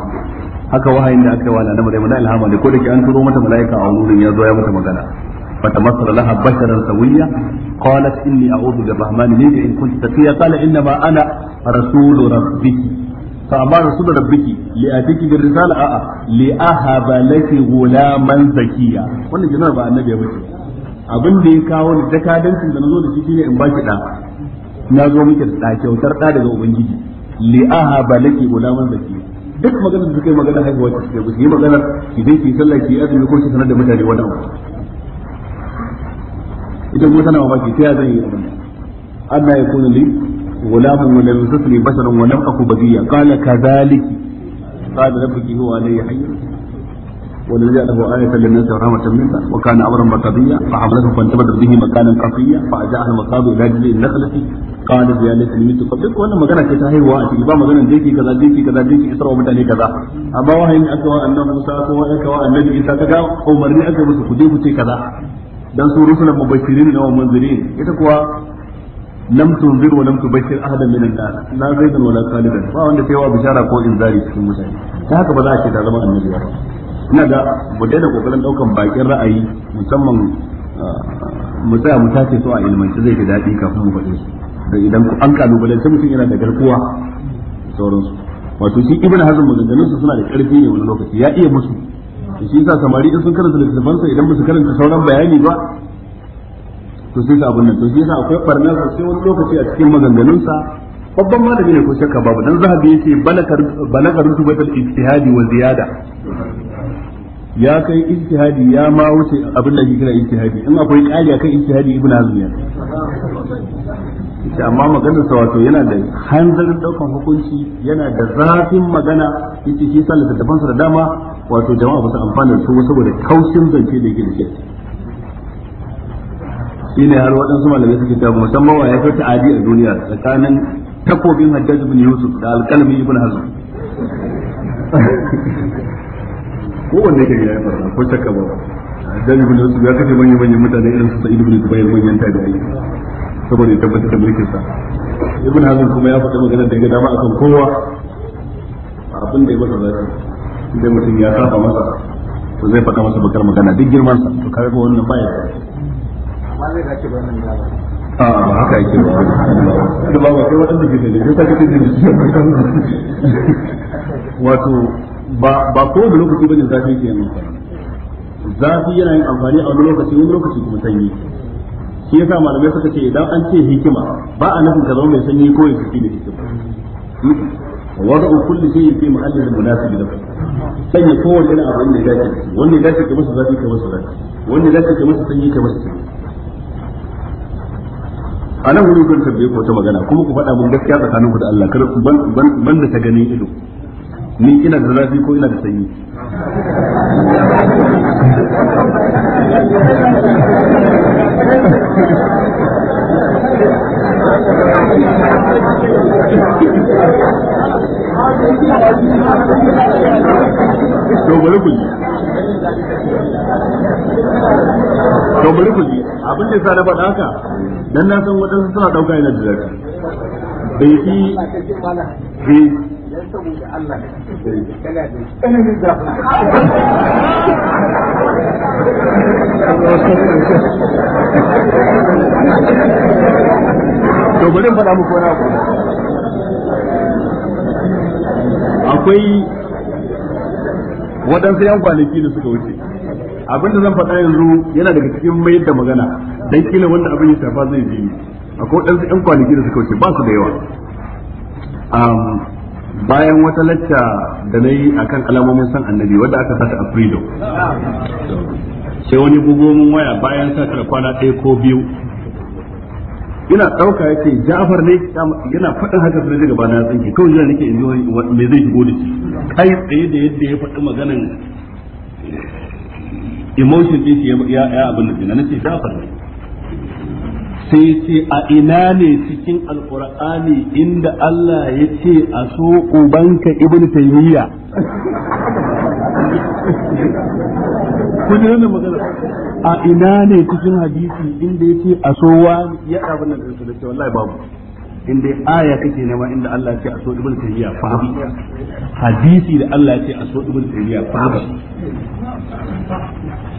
haka wahayin da aka wa na namar da ilhama ne ko da ke an turo mata mala'ika a wurin ya zo ya mata magana فتمثل لها بشرا سويا قالت اني اعوذ بالرحمن منك ان كنت تقيا قال انما انا رسول ربك fa su da rabbiki li atiki bir risala a'a li ahaba laki gulaman zakiya wannan jinar ba annabi ya bace abin da ya kawo ni dakadancin da nazo da shi shine in baki da na zo miki da kyautar da daga ubangiji li ahaba laki gulaman zakiya duk maganar da kai magana magana wata ce ku yi magana ki dai ki sallah ki azumi ko ki sanar da mutane wani abu idan kuma ba ki ta zai yi abin Allah ya kuna li غلام ولم يمسسني بشر ولم أك بغيا قال كذلك قال ربك هو علي حي والذي جعله آية للناس ورحمة منك وكان أمرا مقضيا فحملته فانتبذت به مكانا قصيا فأجاءها المصاب إلى جزء النخلة قالت يا ليتني مت قبلك وأنا مغنى كتاهي وأتي يبقى مغنى ديكي كذا ديكي كذا ديكي إسراء ومتاني كذا أما وهي أكوى أن موسى أكوى أكوى النبي إيسا كذا أمرني أكوى سكديه كذا dan su rusulan mubashirin na wa munzirin ita kuwa lam tunzir wa lam tubashir ahadan min an-nas la zaidan wa la khalidan ba wanda sai wa bishara ko inzari cikin mutane ta haka ba za a ce ta zama annabi ba ina ga mu daina kokarin daukan bakin ra'ayi musamman ah, mu tsaya mu tace su a ilmance zai fi daɗi kafin mu faɗi da idan an kalubalen sai mutum yana da garkuwa sauransu wato shi ibn hazm maganganun su suna da ƙarfi ne wani lokaci ya iya musu shi yasa samari in sun karanta littafansa idan ba su karanta sauran bayani ba to sai sa abin nan to shi akwai akwai barna sai wani lokaci a cikin maganganunsa babban malami ne ko shakka babu dan zahabi yace balakar balakar rutubatul ijtihadi wa ziyada ya kai ijtihadi ya ma wuce abin da ake kira ijtihadi in akwai ƙari akan ijtihadi ibn hazm ya amma maganar sa wato yana da hanzarin daukan hukunci yana da zafin magana yace shi sallar da da dama wato jama'a ba su amfana da su saboda kausin zance da yake da shi shine har waɗansu malamai suke cewa musamman wa ya fi ta'adi a duniya tsakanin takobin Hajjaj ibn Yusuf da alƙalmi ibn Hazm ko wanda yake ya fara ko shakka ba Hajjaj ibn Yusuf ya kace manyan manyan mutane irin su Sa'id ibn Zubair manyan tabi'i saboda ya tabbatar da mulkin sa ibn Hazm kuma ya faɗa magana da ya dama akan kowa abin da ya masa zai idan mutum ya saba masa to zai faɗa masa bakar magana duk girman sa to kaga wannan baya amma zai dace da wannan gaba ah, a haka yake ba da ba kai waɗanda ke da ta kace da cikin wato ba ba ko da lokaci bane zafi ke yin zafi yana yin amfani a wani lokaci wani lokaci kuma sanyi shi yasa malamai suka ce idan an ce hikima ba a nufin ka zama mai sanyi ko ya fi da hikima وضع كل شيء في محله المناسب له sanya kowanne irin abin da ya dace wanda ya dace ka masa zafi ka masa zafi wanda ya dace ka masa sanyi ka masa sanyi a nan wurin zan tambaye ku wata magana kuma ku faɗa mun gaskiya tsakanin ku da Allah kar ban ban da ta gani ido ni ina da zafi ko ina da sanyi to ku ji bari ku ji abin da sa na faɗa haka dan na san wadansu suna dauka yana da zaka bai yi bai da to bari faɗa muku wani abu akwai waɗansu yan kwanaki da suka wuce abinda zan faɗa yanzu yana daga cikin mayar da magana dan kila wanda abin ya shafa zai bi akwai wadansu yan kwanaki da suka wuce ba su da yawa bayan wata lacca da na yi akan alamomin san annabi wadda aka sata a freedom sai wani bugomin waya bayan sa kwana ɗaya ko biyu ina ɗauka yake jafar ne yana faɗin haka sai daga bana tsinke kawai yana nake inji ji me zai shigo da shi kai tsaye da yadda ya faɗi maganan emotion din shi ya abin da na ce jafar ne sai ce a ina ne cikin alkur'ani inda Allah ya ce a so ubanka ibn taymiya *laughs* kun ji magana a ina ne cikin hadisi inda ya ce a so wa ya abin nan da ce wallahi babu inda aya kake nema inda Allah ya ce a so ibn taymiya babu hadisi da Allah ya ce a so ibn taymiya babu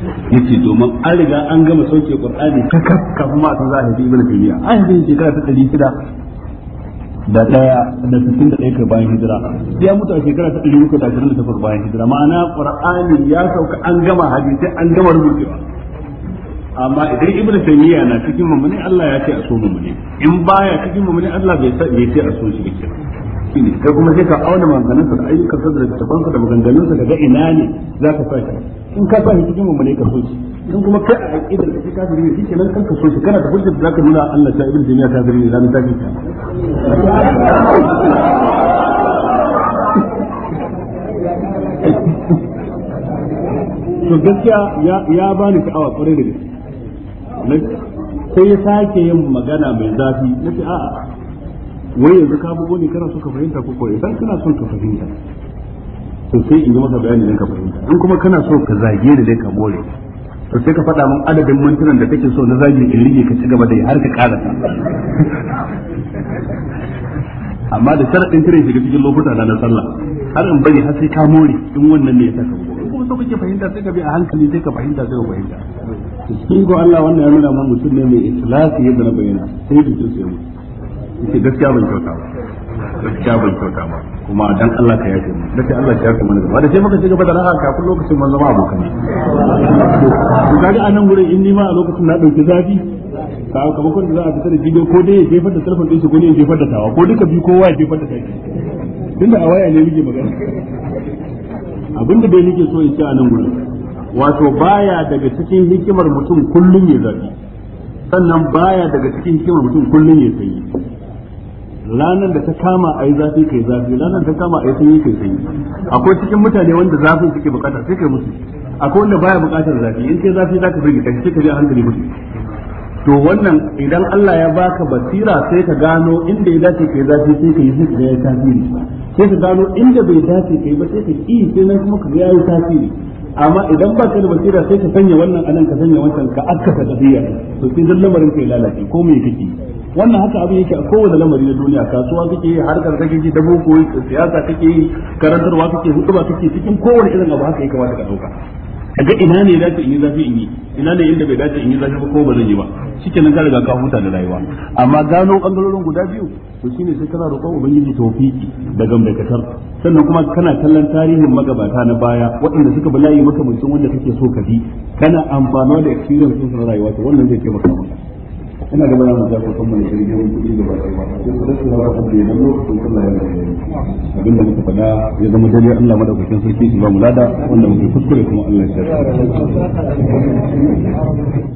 yace domin an riga an gama sauke qur'ani ta kaf kafin ma zahiri zahiri ibn taymiya ai hadin shekara ta 600 da daya da 61 kai bayan hijira ya mutu a shekara ta 328 bayan hijira ma'ana qur'ani ya sauka an gama hadisi an gama rubucewa amma idan ibn taymiya na cikin mamuni Allah ya ce a so mamuni in baya cikin mamuni Allah bai ce a so shi kenan shi ne kai kuma sai ka auna maganganunsa da ayyukansa da littafansa da maganganunsa ka ga ina ne za ka sa in ka sa shi cikin mummune ka so shi in kuma kai a aƙidar da ka kafiri ne shikenan kan ka so shi kana da hujjar da ka nuna Allah ta ibn jami'a ta gari ne ranar ta kiyama to gaskiya ya ya bani sha'awa kwarai da gaske sai ya sake yin magana mai zafi nace a'a wai yanzu ka bugo ne kana so ka fahimta ko kawai idan kana son ka fahimta to sai in yi maka bayani ne ka fahimta in kuma kana so ka zage ni dai ka more to sai ka faɗa min adadin mintunan da kake so na zage in rige ka ci gaba da har ka ta amma da sharadin kire shiga cikin lokuta na sallah har in bari har sai ka more in wannan ne ya saka kuma so kake fahimta sai ka bi a hankali sai ka fahimta sai ka fahimta Kin ko Allah wannan ya nuna mun mutum ne mai ikhlasi yadda na bayyana sai da mu. yace gaskiya ban kyauta ba gaskiya ban kyauta ba kuma dan Allah ka yafe mu dace Allah ya yafe mana gaba da sai muka ci gaba da raha kafin lokacin mun zama abokan to kaga anan gurin in nima a lokacin na dauki zafi ka ka bakon da za a fitar da bidiyo ko dai ya jefar da telefon din shi ko ne ya jefar da tawa ko duka bi kowa ya jefar da tawa tunda a waya ne muke magana abinda dai nake so in ci anan gurin wato baya daga cikin hikimar mutum kullum ya zafi sannan baya daga cikin hikimar mutum kullum ya sanyi. ranar da ta kama a yi zafi kai zafi ranar ta kama a yi sanyi kai sanyi akwai cikin mutane wanda zafin suke bukata sai kai musu akwai wanda baya bukatar zafi in sai zafi za ka bari ka sai ka je a hankali musu to wannan idan Allah ya baka basira sai ka gano inda ya dace kai zafi sai ka yi sai ka ga ya tasiri sai ka gano inda bai dace kai ba sai ka yi sai nan kuma ka ga ya yi tasiri amma idan ba ka da basira sai ka sanya wannan anan ka sanya wancan ka ta tafiya to sai dan lamarin kai lalace ko me kake wannan haka abin yake a kowane lamari na duniya kasuwa kake yi harkar kake yi dabo ko siyasa kake yi karantarwa kake hutuba kake cikin kowane irin abu haka yake kamata ka dauka ga ina ne dace in yi zafi in yi ina ne inda bai dace in yi zafi ba ko ba zan yi ba nan ka riga ka huta da rayuwa amma gano bangarorin guda biyu to shine sai kana roƙon ubangiji tawfiki da gamdakatar sannan kuma kana kallon tarihin magabata na baya waɗanda suka bala'i maka mutum wanda kake so ka bi kana amfana da experience na rayuwa to wannan zai taimaka maka ina ga bana mu ta kusan mun jirgin kuɗi da ba sai ba sai su rasu na rabu da yanzu lokacin sallah ya zama abin da muka faɗa ya zama dai Allah madaukakin sarki shi ba mu lada wanda muke kuskure kuma Allah ya